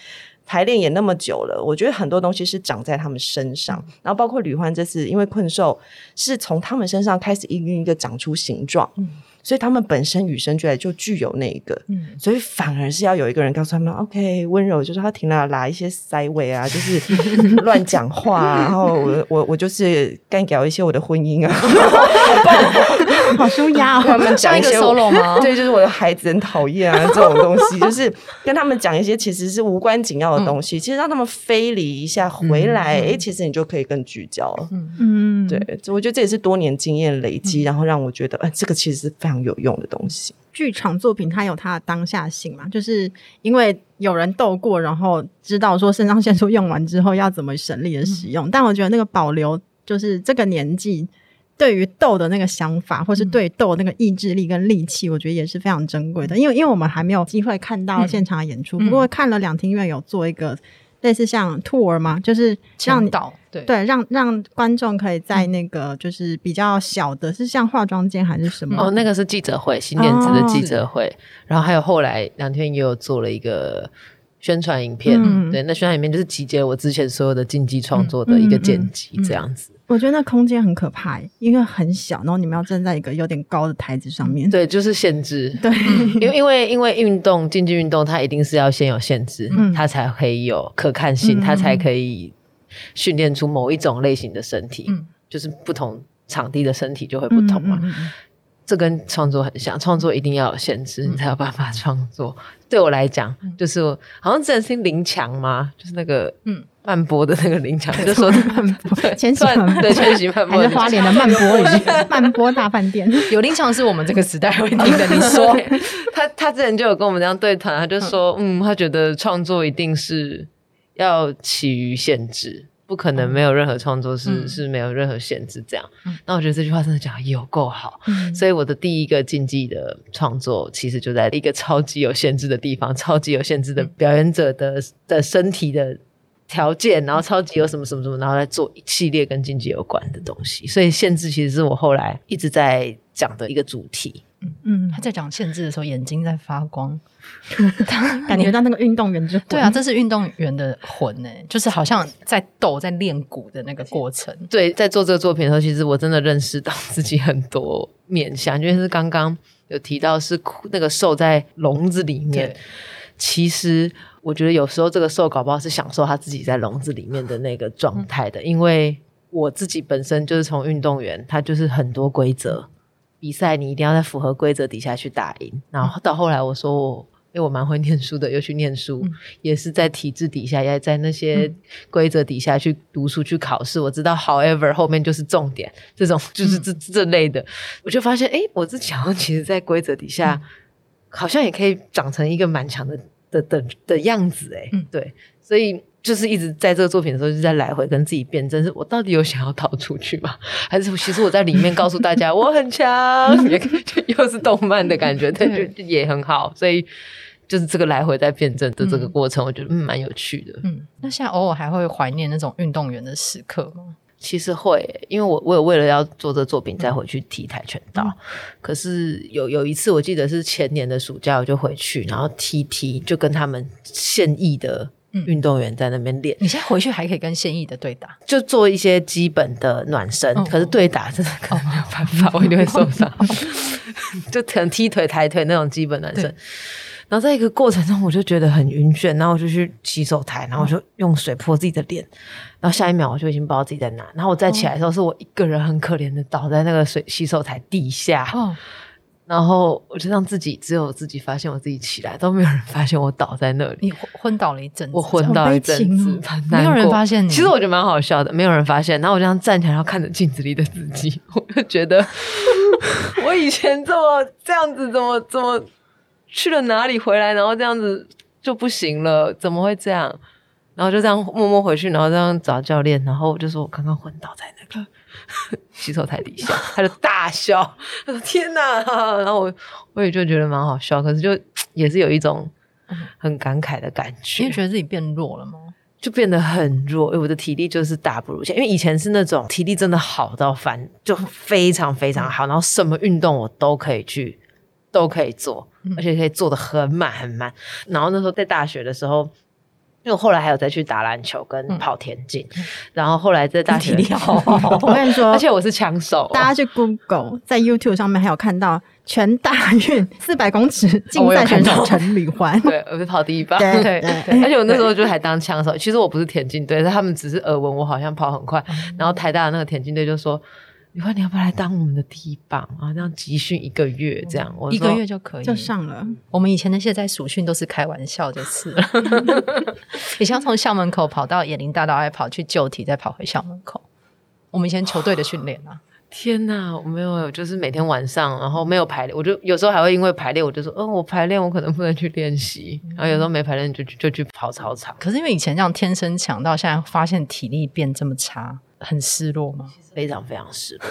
排練也那麼久了，我覺得很多東西是長在他們身上，然後包括履歡這次，因為困獸是從他們身上開始一個一個長出形狀、嗯，所以他們本身與生俱來就具有那一個、嗯，所以反而是要有一個人告訴他們、嗯、OK，溫柔就是他停了，拿一些塞位啊，就是亂講話、啊， 然後我我我就是幹掉一些我的婚姻啊。 好舒壓、哦、 我們講一,一個 solo 嗎？對，就是我的孩子很討厭啊， 這種東西就是跟他們講一些其實是無關緊要的東西， 其實讓他們飛離一下、嗯、回來、嗯欸，其實你就可以更聚焦，焦了。嗯嗯，對，我覺得這也是多年經驗累積、嗯，然後讓我覺得，哎、呃，這個其實是非常有用的東西。劇場作品它有它的當下性嘛，就是因為有人鬥過，然後知道說腎上腺素用完之後要怎麼省力的使用。嗯、但我覺得那個保留，就是這個年紀。對於鬥的那個想法，或是對鬥那個意志力跟力氣、嗯，我覺得也是非常珍貴的。因為因為我們還沒有機會看到現場演出，不、嗯、過看了兩廳院，有做一個類似像 tour 嘛，就是引導，對，對讓讓觀眾可以在那個就是比較小的，是像化妝間還是什麼、嗯？哦，那個是記者會，新點子的記者會、哦。然後還有後來兩天也有做了一個宣傳影片，嗯嗯，對，那宣傳影片就是集結我之前所有的競技創作的一個剪輯、嗯，這樣子。嗯嗯嗯嗯。我覺得那空間很可怕，因為很小，然後你們要站在一個有點高的台子上面。對，就是限制。對，因 因為因為運動，競技運動它一定是要先有限制，嗯、它才可以有可看性、嗯，它才可以訓練出某一種類型的身體。嗯、就是不同場地的身體就會不同嘛、啊嗯。這跟創作很像，創作一定要有限制，嗯、你才有辦法創作。對我來講，就是我好像之前聽林強嘛，就是那個嗯，曼波的那個林強，就是、說的曼波，對，千禧曼波，花蓮的曼波已經曼波大飯店。 有林強是我們這個時代會聽的。 你，你說他他之前就有跟我們這樣對談，他就說嗯、嗯，他覺得創作一定是要起於限制，不可能沒有任何創作是、嗯、是沒有任何限制這樣，那、嗯、我覺得這句話真的講的有夠好、嗯，所以我的第一個競技的創作其實就在一個超級有限制的地方，超級有限制的表演者的、嗯、的身體的條件，然後超級有什麼什麼什麼，然後來做一系列跟競技有關的東西，所以限制其實是我後來一直在講的一個主題。嗯，他在講限制的時候，眼睛在發光， 感覺到那個運動員就對啊，這是運動員的魂呢、欸，就是好像在抖，在練鼓的那個過程。對，在做這個作品的時候，其實我真的認識到自己很多面向，因為是剛剛有提到是那個獸在籠子裡面，其實。我覺得有時候這個獸搞不好是享受他自己在籠子裡面的那個狀態的、嗯，因為我自己本身就是從運動員，他就是很多規則，比賽你一定要在符合規則底下去打贏。然後到後來我說我，哎、欸，我蠻會念書的，又去念書，嗯、也是在體制底下，也在那些規則底下去讀書、嗯、去考試。我知道，however 後面就是重點，這種就是這、嗯、這、這類的，我就發現，哎、欸，我自己好像其實，在規則底下、嗯，好像也可以長成一個蠻強的。的的的樣子誒、欸，嗯，對，所以就是一直在這個作品的時候就在來回跟自己辯證，是我到底有想要逃出去嗎？還是其實我在裡面告訴大家我很強， 又是動漫的感覺，對、嗯，就也很好。所以就是這個來回在辯證的這個過程我、嗯，我覺得蠻有趣的。嗯，那現在偶爾還會懷念那種運動員的時刻嗎？其實會，因為我我有為了要做這作品，再回去踢跆拳道。嗯、可是有有一次，我記得是前年的暑假，我就回去，然後踢踢，就跟他們現役的運動員在那邊練。你現在回去還可以跟現役的對打，就做一些基本的暖身、嗯。可是對打真的可能沒有辦法，哦、我一定會受傷。哦、 就可能踢腿、抬腿那種基本暖身。然後在一個過程中，我就覺得很暈眩，然後我就去洗手台，然後我就用水潑自己的臉、嗯，然後下一秒我就已經不知道自己在哪。然後我再起來的時候，是我一個人很可憐的倒在那個水洗手台地下，哦、然後我就讓自己只有自己發現我自己起來，都沒有人發現我倒在那裡。你昏倒了一陣子？我昏倒了一陣子、啊，沒有人發現你？其實我覺得蠻好笑的，沒有人發現。然後我就這樣站起來，然後看着鏡子裡的自己，我就覺得 我以前這麼這樣子，怎麼怎麼。這麼去了哪裡回來，然後這樣子就不行了，怎麼會這樣？然後就這樣默默回去，然後這樣找教練，然後我就說我剛剛昏倒在那個 洗手台底下，他就大笑，他 說天哪、啊，然後我我也就覺得蠻好笑，可是就也是有一種很感慨的感覺。因為你覺得自己變弱了嗎？就變得很弱，為、欸、我的體力就是大不如前，因為以前是那種體力真的好到翻就非常非常好，嗯、然後什麼運動我都可以去。都可以做，而且可以做得很滿很滿。然後那時候在大學的時候，因為我後來還有再去打籃球跟跑田徑、嗯，然後後來在大學裡，體力好好好，我跟你說，而且我是槍手。大家去 Google，在 YouTube 上面還有看到全大運四百公尺競賽選手陳履歡，哦， 對，我就跑第一棒，對對，對。而且我那時候就還當槍手。其實我不是田徑隊，他們只是耳聞我好像跑很快，嗯。然後台大的那個田徑隊就說。你看你要不要來當我們的體棒啊？這樣集訓一個月這樣，嗯、我一個月就可以就上了、嗯。我們以前那些在暑訓都是開玩笑的次了。 以前從校門口跑到椰林大道，還跑去舊體，再跑回校門口。 我們以前球隊的訓練啊，天吶我沒有，就是每天晚上，然後沒有排練，我就有時候還會因為排練，我就說，嗯、呃，我排練我可能不能去練習、嗯，然後有時候沒排練就就去跑操場、嗯。可是因為以前這樣天生強，到現在發現體力變這麼差。很失落嗎？非常非常失落。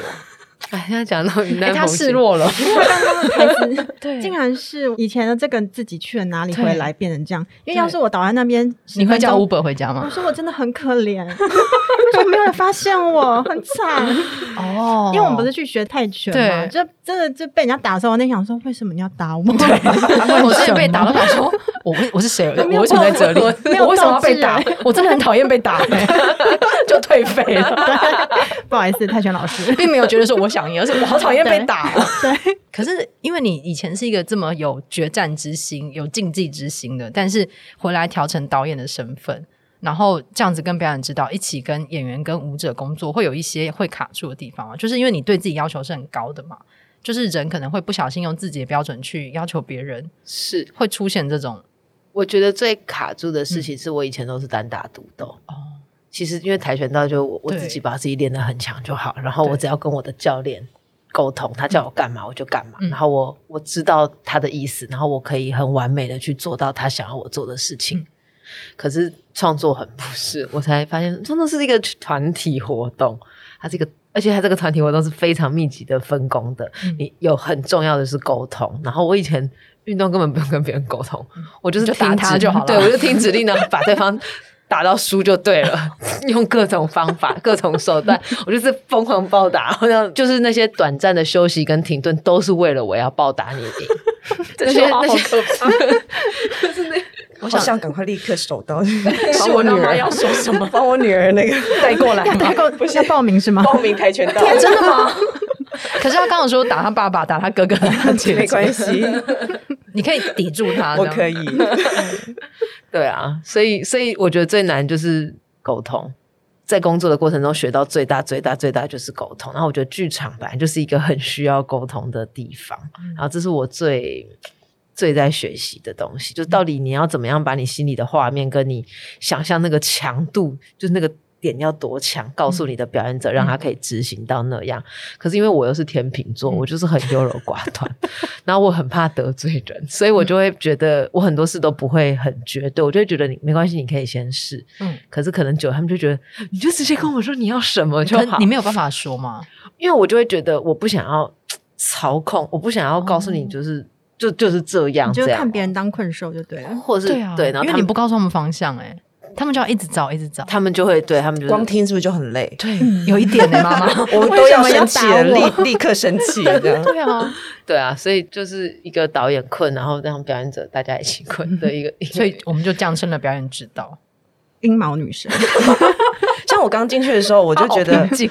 哎，現在講到那、欸、他失落了。他 對，竟然是以前的這個自己去了哪裡回來變成這樣。因為要是我倒在那邊，你會叫 Uber 回家嗎？我說我真的很可憐， 為什麼沒有人發現我？很慘哦。Oh, 因為我們不是去學泰拳嘛，就真的就被人家打的時候，我在想說，為什麼你要打我？對 我，是誰 我被打的我說，我我是誰？我為什麼在這裡？我，我，我，沒有，我為什麼要被打？ 我真的很討厭被打、欸。 就退費了， 不好意思，跆拳老師 並沒有覺得說我想贏，而是我好討厭被打、啊對。對，可是因為你以前是一個這麼有決戰之心、有競技之心的，但是回來調成導演的身份，然後這樣子跟表演指導一起跟演員、跟舞者工作，會有一些會卡住的地方啊，就是因為你對自己要求是很高的嘛，就是人可能會不小心用自己的標準去要求別人，是會出現這種。我覺得最卡住的事情是我以前都是單打獨鬥哦。嗯其實因為跆拳道，就我自己把自己練得很強就好。然後我只要跟我的教練溝通，他叫我幹嘛我就幹嘛。嗯、然後我我知道他的意思，然後我可以很完美的去做到他想要我做的事情。嗯、可是創作很不是， 我才發現創作是一個團體活動，它這個，而且它這個團體活動是非常密集的分工的、嗯。你有很重要的是溝通。然後我以前運動根本不用跟別人溝通，我就是打就聽他就好了。 對我就聽指令呢，把對方。 打到輸就對了，用各種方法，各種手段， 我就是瘋狂暴打。好像就是那些短暫的休息跟停頓，都是為了我要暴打你。那 些那些， 就是那，我想我想趕快立刻手刀。是 我女兒要說什麼？幫我女兒那個 帶過來嗎？不是要報名是嗎？報名跆拳道？ 真的嗎？ 可是他剛剛說打他爸爸，打他哥哥， 沒關係。你可以抵住他， 我可以。 對啊，所以所以我覺得最難就是溝通，在工作的過程中學到最大最大最大就是溝通。然後我覺得劇場本來就是一個很需要溝通的地方，然後這是我最最在學習的東西，就到底你要怎麼樣把你心裡的畫面跟你想象那個強度，就是那個。點要多強，告訴你的表演者，嗯、讓他可以執行到那樣。嗯、可是因為我又是天秤座，嗯，我就是很優柔寡斷， 然後我很怕得罪人，所以我就會覺得我很多事都不會很絕對，我就會覺得你沒關係，你可以先試。嗯。可是可能久了，他們就覺得你就直接跟我說你要什麼就好。你沒有辦法說嗎？因為我就會覺得我不想要操控，我不想要告訴你，就是哦，就是就就是這樣，這樣，就是看別人當困獸就對了，哦、或是對啊，對，然後因為你不告訴他們方向，欸，哎。他們就要一直找，一直找，他們就會對他們就光聽是不是就很累？對， 有一點，媽媽，我們都要生氣，立立刻生氣，這樣 對啊，對啊，所以就是一個導演困，然後讓表演者大家一起困的一個，所以我們就降生了表演指導陰毛女神。像我剛進去的時候，我就覺得、啊、對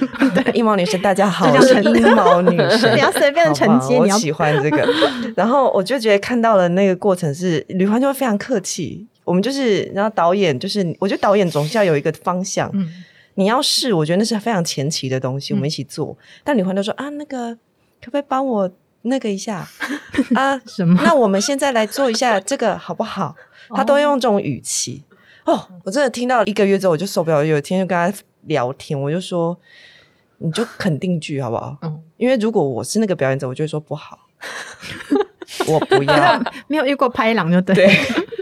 陰毛女神大家好，陰、就、毛、是、女神，成 你要隨便承接，我你喜歡這個。 然後我就覺得看到了那個過程是履歡就會非常客氣。我們就是，然後導演就是，我覺得導演總是要有一個方向。嗯、你要試，我覺得那是非常前期的東西，嗯、我們一起做。但履歡都說啊，那個可不可以幫我那個一下 啊？什麼？那我們現在來做一下這個好不好？ 他都用這種語氣哦，哦，我真的聽到一個月之後我就受不了。有一天就跟他聊天，我就說你就肯定句好不好？嗯，因為如果我是那個表演者，我就會說不好。 我不要， 沒有遇過拍狼就對。對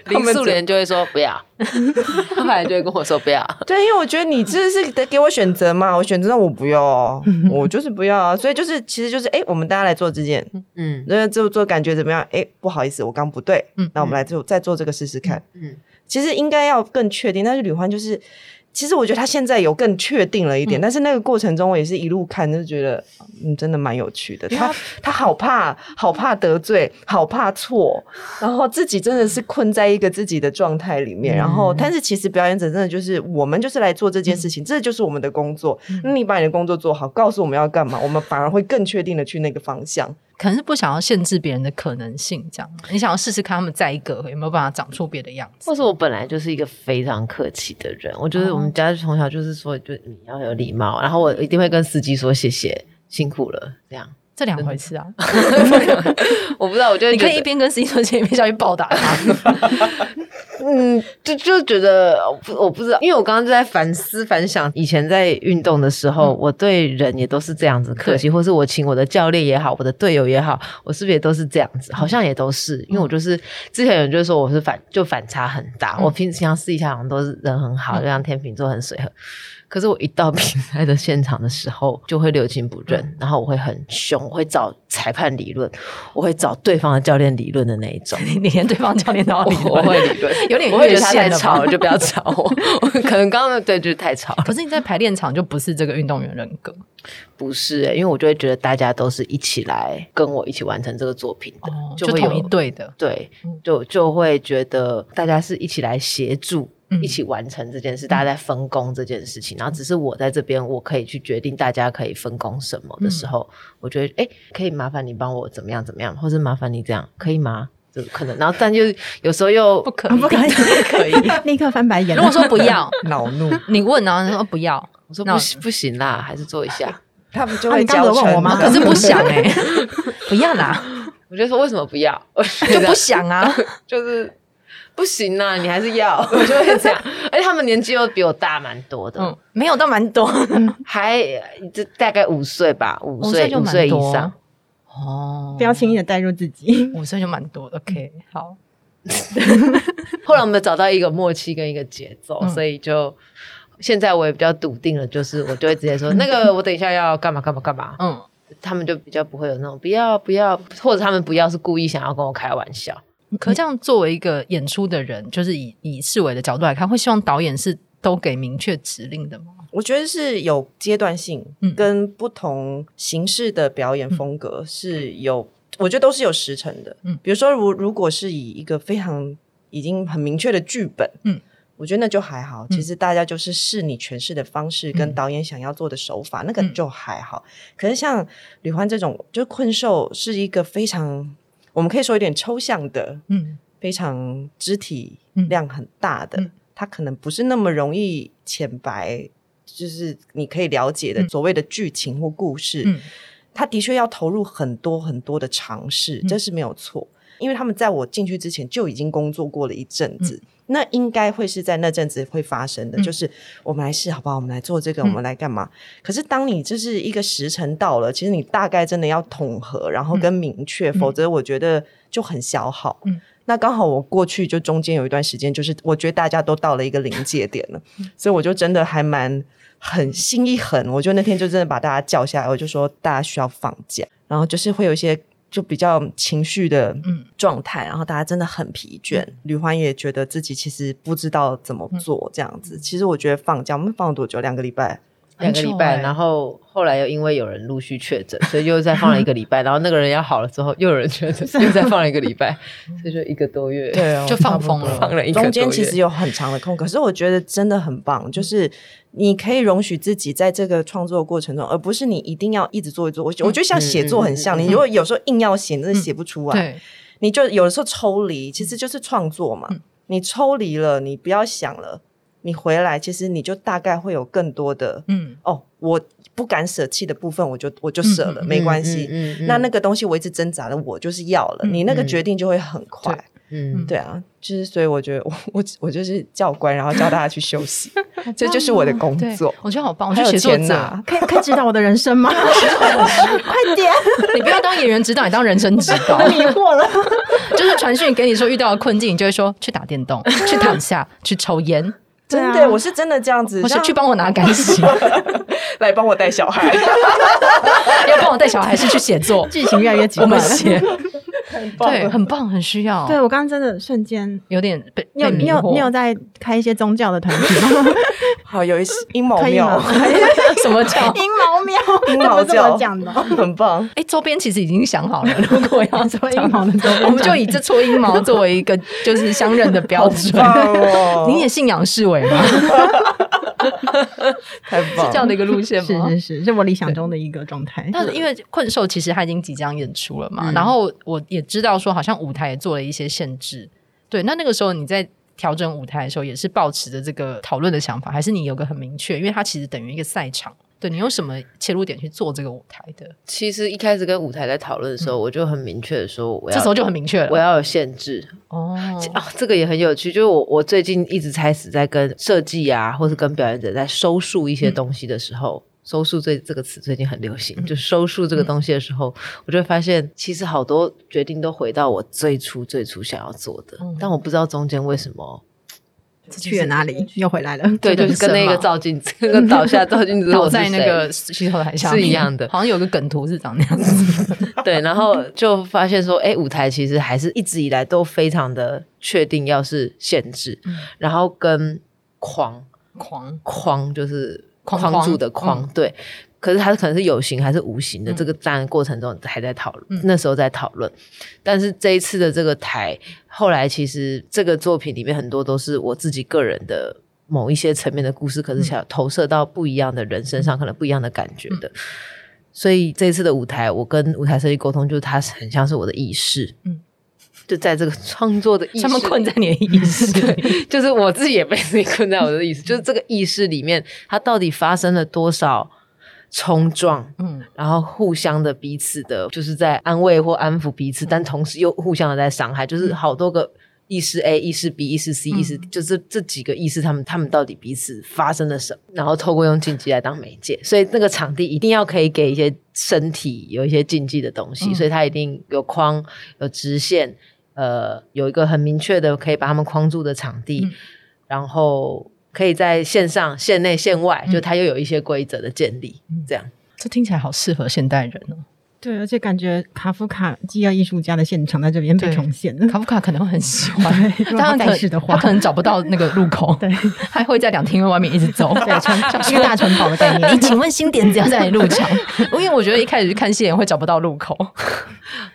李素蓮就會說不要 他本來就會跟我說不要。對，因為我覺得你這是得給我選擇嘛，我選擇，那我不要，啊， 我就是不要，啊。所以就是，其實就是，哎，欸，我們大家來做這件，嗯，那做做感覺怎麼樣？哎，欸，不好意思，我剛不對，嗯，那我們來做再做這個試試看，嗯， 其實應該要更確定，但是履歡就是。其實我覺得他現在有更確定了一點，嗯，但是那個過程中我也是一路看，就是覺得嗯，真的蠻有趣的。他他，他好怕，好怕得罪，好怕錯，然後自己真的是困在一個自己的狀態裡面。嗯，然後，但是其實表演者真的就是我們，就是來做這件事情，嗯，這就是我們的工作，嗯。那你把你的工作做好，告訴我們要幹嘛，我們反而會更確定的去那個方向。可能是不想要限制別人的可能性。這樣你想要試試看他們再一個有沒有辦法長出別的樣子。或是我本來就是一個非常客氣的人，我覺得我們家從小就是說，就你要有禮貌，嗯，然後我一定會跟司機說謝謝辛苦了，這樣這兩回事啊， 我不知道，我覺得、就是、你可以一邊跟司機說謝謝，一邊下去暴打他。 嗯，就就覺得不，我不知道，因為我剛剛就在反思、反想，以前在運動的時候、嗯，我對人也都是這樣子客氣，或是我請我的教練也好，我的隊友也好，我是不是也都是這樣子？好像也都是，嗯、因為我就是之前有人就說我是反，就反差很大。嗯、我平常私底下，好像都是人很好、嗯，就像天秤座很隨和。可是我一到比賽的現場的時候，就會六親不認、嗯，然後我會很凶，我會找裁判理論，我會找對方的教練理論的那一種。你連對方教練都要理論？我會理論 我會覺得他太吵了，就不要吵、哦、 我。可能剛剛對，就是太吵。 可是你在排練場就不是這個運動員人格 ，不是哎、欸，因為我就會覺得大家都是一起來跟我一起完成這個作品的，哦、就同一隊的，對，就就會覺得大家是一起來協助，嗯、一起完成這件事、嗯，大家在分工這件事情，然後只是我在這邊，我可以去決定大家可以分工什麼的時候，嗯、我覺得哎、欸，可以麻煩你幫我怎麼樣怎麼樣，或是麻煩你這樣可以嗎？可能，然後但就有時候又不可不可以可以立刻翻白眼。 如果說不要惱怒， 你問啊，然後他說不要，我說不行 不行啦，還是做一下，他們就會教我嗎，可是不想哎、欸， 不要啦！我就說為什麼不要？ 就不想啊， 就是不行啦，你還是要， 我就會這樣。而且他們年紀又比我大蠻多的，嗯，沒有，到蠻多， 還就大概五歲吧，五歲五歲以上。哦，不要輕易的帶入自己。五歲就蠻多的，OK，好。 後來我們找到一個默契跟一個節奏、嗯，所以就現在我也比較篤定了，就是我就會直接說 那個，我等一下要幹嘛幹嘛幹嘛。嗯，他們就比較不會有那種不要不要，或者他們不要是故意想要跟我開玩笑。可、okay. 這樣作為一個演出的人，就是以以世緯的角度來看，會希望導演是。都給明確指令的嗎？我覺得是有階段性，嗯、跟不同形式的表演風格是有，嗯、我覺得都是有時辰的，嗯。比如說如，如如果是以一個非常已經很明確的劇本，嗯、我覺得那就還好，嗯。其實大家就是試你詮釋的方式跟導演想要做的手法，嗯、那個就還好。嗯、可是像履歡這種，就是《困獸》是一個非常，我們可以說有點抽象的、嗯，非常肢體量很大的。嗯嗯他可能不是那麼容易淺白，就是你可以了解的所謂的劇情或故事。嗯、他的確要投入很多很多的嘗試、嗯，這是沒有錯。因為他們在我進去之前就已經工作過了一陣子，嗯、那應該會是在那陣子會發生的、嗯。就是我們來試好不好？我們來做這個，嗯、我們來幹嘛？可是當你這是一個時辰到了，其實你大概真的要統合，然後跟明確，嗯、否則我覺得就很消耗。嗯嗯那剛好我過去就中間有一段時間，就是我覺得大家都到了一個臨界點了， 所以我就真的還蠻很心一狠，我就那天就真的把大家叫下來，我就說大家需要放假，然後就是會有一些就比較情緒的狀態，然後大家真的很疲倦，履、嗯、歡也覺得自己其實不知道怎麼做、嗯、這樣子。其實我覺得放假我們放了多久？兩個禮拜。兩個禮拜、欸，然後後來又因為有人陸續確診，所以又再放了一個禮拜。 然後那個人要好了之後，又有人確診， 又再放了一個禮拜，所以就一個多月，對， 就放風了。放了一中間其實有很長的空， 可是我覺得真的很棒，就是你可以容許自己在這個創作過程中，而不是你一定要一直做一做。我我覺得像寫作很像，你如果有時候硬要寫，真的寫不出來、嗯嗯對，你就有的時候抽離，其實就是創作嘛。嗯、你抽離了，你不要想了。你回來，其實你就大概會有更多的，嗯，哦，我不敢舍棄的部分，我就我就舍了、嗯，沒關係。嗯,嗯,嗯那那個東西我一直掙扎的，我就是要了、嗯，你那個決定就會很快。嗯，對啊，就是所以我覺得我我,我就是教官，然後教大家去休息，這就是我的工作。我覺得好棒，我去得天哪，可以可以指導我的人生嗎？快點，你不要當演員指導，你當人生指導。我迷惑了，就是傳訊給你說遇到的困境，你就會說去打電動， 去躺下，去抽菸。真的、啊啊，我是真的這樣子。我是去幫我拿乾洗， 來幫我帶小孩， 要幫我帶小孩是去寫作，劇 情越來越急，我們寫。 對，很棒，很需要。對，我剛剛真的瞬間有點被被，你有你有你有在開一些宗教的團體嗎？ 好有一些陰毛廟，什 麼叫陰毛廟？陰毛教講的很棒。哎、欸，週邊其實已經想好了，如果要做陰毛的週邊， 我們就以這撮陰毛作為一個就是相認的標準。 棒哦、 你也信仰世緯嗎？ 哈哈哈太棒了，是這樣的一個路線嗎？是是是，是我理想中的一個狀態。是但是因為《困獸》其實他已經即將演出了嘛、嗯，然後我也知道說好像舞台也做了一些限制。對，那那個時候你在調整舞台的時候，也是抱持着這個討論的想法，還是你有個很明確？因為它其實等於一個賽場。對，你用什麼切入點去做這個舞台的？其實一開始跟舞台在討論的時候，嗯、我就很明確的說我要，這時候就很明確了，我要有限制。哦，啊、這個也很有趣，就是我我最近一直開始在跟設計啊，或是跟表演者在收束一些東西的時候，嗯、收束這這個詞最近很流行，嗯、就收束這個東西的時候，嗯、我就發現，其實好多決定都回到我最初最初想要做的，嗯、但我不知道中間為什麼，去了哪裡？又回來了。對，對，對，就是跟那個照鏡子，跟 倒下照鏡子我。倒在那個洗手台上是一樣的。好像有個梗圖是長那樣子。 對，然後就發現說，哎、欸，舞台其實還是一直以來都非常的確定，要是限制，嗯、然後跟框框框就是框住的框、嗯，對。可是它可能是有形還是無形的，嗯、這個站過程中還在討論，嗯、那時候在討論、嗯。但是這一次的這個台，後來其實這個作品裡面很多都是我自己個人的某一些層面的故事，嗯、可是想投射到不一樣的人身上，嗯、可能不一樣的感覺的、嗯。所以這一次的舞台，我跟舞台設計溝通，就是它很像是我的意識，嗯，就在這個創作的意識，他們困在你的意識， 對，就是我自己也被自己困在我的意識， 就是這個意識裡面，它到底發生了多少？衝撞，嗯，然後互相的彼此的，就是在安慰或安撫彼此、嗯，但同時又互相的在傷害，就是好多個意識 A、意識 B、意識 C、意識 D、嗯，就是這幾個意識，他們他們到底彼此發生了什麼？然後透過用競技來當媒介、嗯，所以那個場地一定要可以給一些身體有一些競技的東西、嗯，所以它一定有框有直線，呃，有一個很明確的可以把他們框住的場地，嗯、然後。可以在線上、線內、線外，就它又有一些規則的建立、嗯，這樣。這聽起來好適合現代人哦。對，而且感覺卡夫卡、基亞藝術家的現場在這邊被重現，卡夫卡可能會很喜歡。開但是，他可能找不到那個路口，對，他會在兩廳外面一直走，像像 大城堡的概念。你 請問新點子怎樣才能入場？ 因為我覺得一開始去看戲人會找不到入口。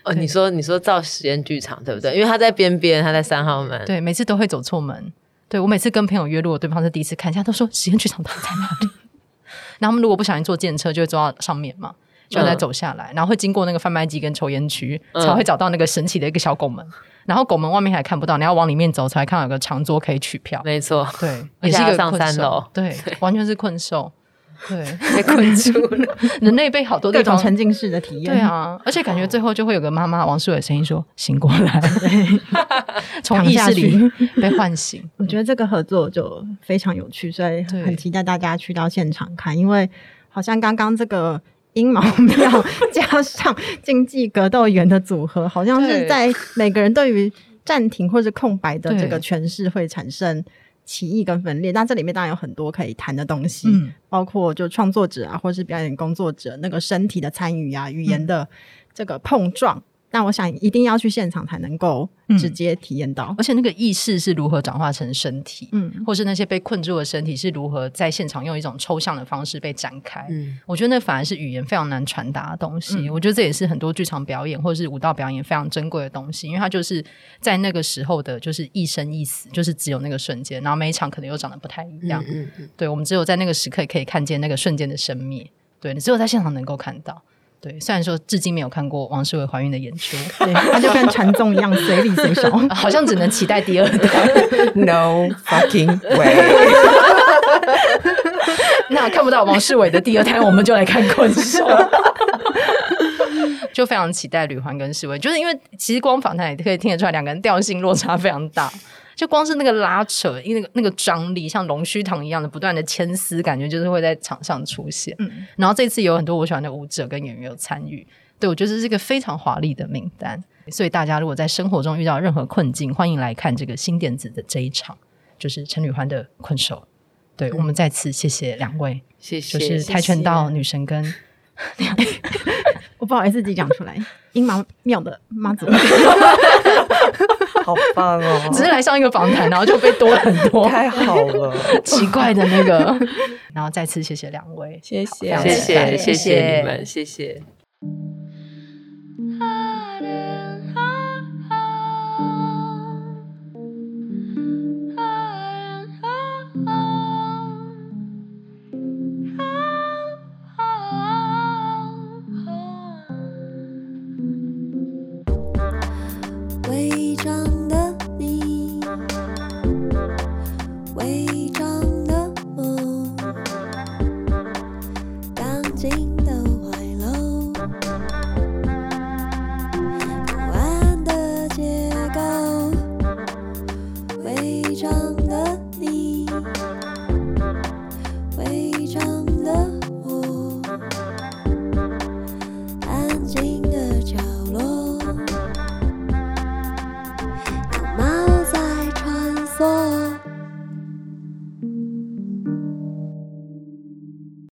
哦，你說你說造實驗劇場對不對？因為他在邊邊，他在三號門，對，每次都會走錯門。對，我每次跟朋友約，如果對方是第一次看一下，現在都說實驗劇場到底在哪裡？ 然後我們如果不小心坐電車，就會坐到上面嘛，就要再走下來，嗯、然後會經過那個販賣機跟抽菸區，嗯，才會找到那個神奇的一個小拱門。然後拱門外面還看不到，你要往裡面走才看到有個長桌可以取票。沒錯，對，也是一個上三樓，對，完全是困獸。 對，被困住了。 人類被好多地方各種沉浸式的體驗。對啊，而且感覺最後就會有個媽媽王世緯的聲音說：“醒過來，從 意識裡 被喚醒。”我覺得這個合作就非常有趣，所以很期待大家去到現場看，因為好像剛剛這個陰毛加上競技格鬥員的組合，好像是在每個人對於暫停或是空白的這個詮釋會產生。歧義跟分裂，那這裡面當然有很多可以談的東西，嗯、包括就創作者啊，或是表演工作者，那個身體的參與啊，語言的這個碰撞。那我想一定要去現場才能夠直接體驗到。嗯，而且那個意識是如何轉化成身體，嗯，或是那些被困住的身體是如何在現場用一種抽象的方式被展開。嗯，我覺得那反而是語言非常難傳達的東西。嗯，我覺得這也是很多劇場表演或者是舞蹈表演非常珍貴的東西，因為它就是在那個時候的，就是一生一死，就是只有那個瞬間，然後每一場可能又長得不太一樣。嗯，嗯，嗯。對，我們只有在那個時刻可以看見那個瞬間的生滅，對，你只有在現場能夠看到。對，雖然說至今沒有看過王世緯懷孕的演出，他就跟傳宗一樣隨禮隨收，好像只能期待第二胎 ，No fucking way .。 那看不到王世緯的第二胎，我們就來看困獸， 就非常期待履歡跟世緯，就是因為其實光訪談也可以聽得出來，兩個人調性落差非常大。就光是那個拉扯，因為那個那個張力像龍鬚糖一樣的不斷的牽絲，感覺就是會在場上出現。嗯，然後這次有很多我喜歡的舞者跟演員有參與，對，我覺得這是一個非常華麗的名單。所以大家如果在生活中遇到任何困境，歡迎來看這個新點子的這一場，就是陳履歡的困獸。對、嗯、我們再次謝謝兩位，謝謝，就是跆拳道女神跟，謝謝 我不好意思自己講出來，陰 毛廟的媽祖的。 好棒哦！只是來上一個訪談，然後就被多了很多， 太好了。 奇怪的那個， 然後再次謝謝兩位，謝謝，謝,謝，謝謝，謝謝你們，謝謝。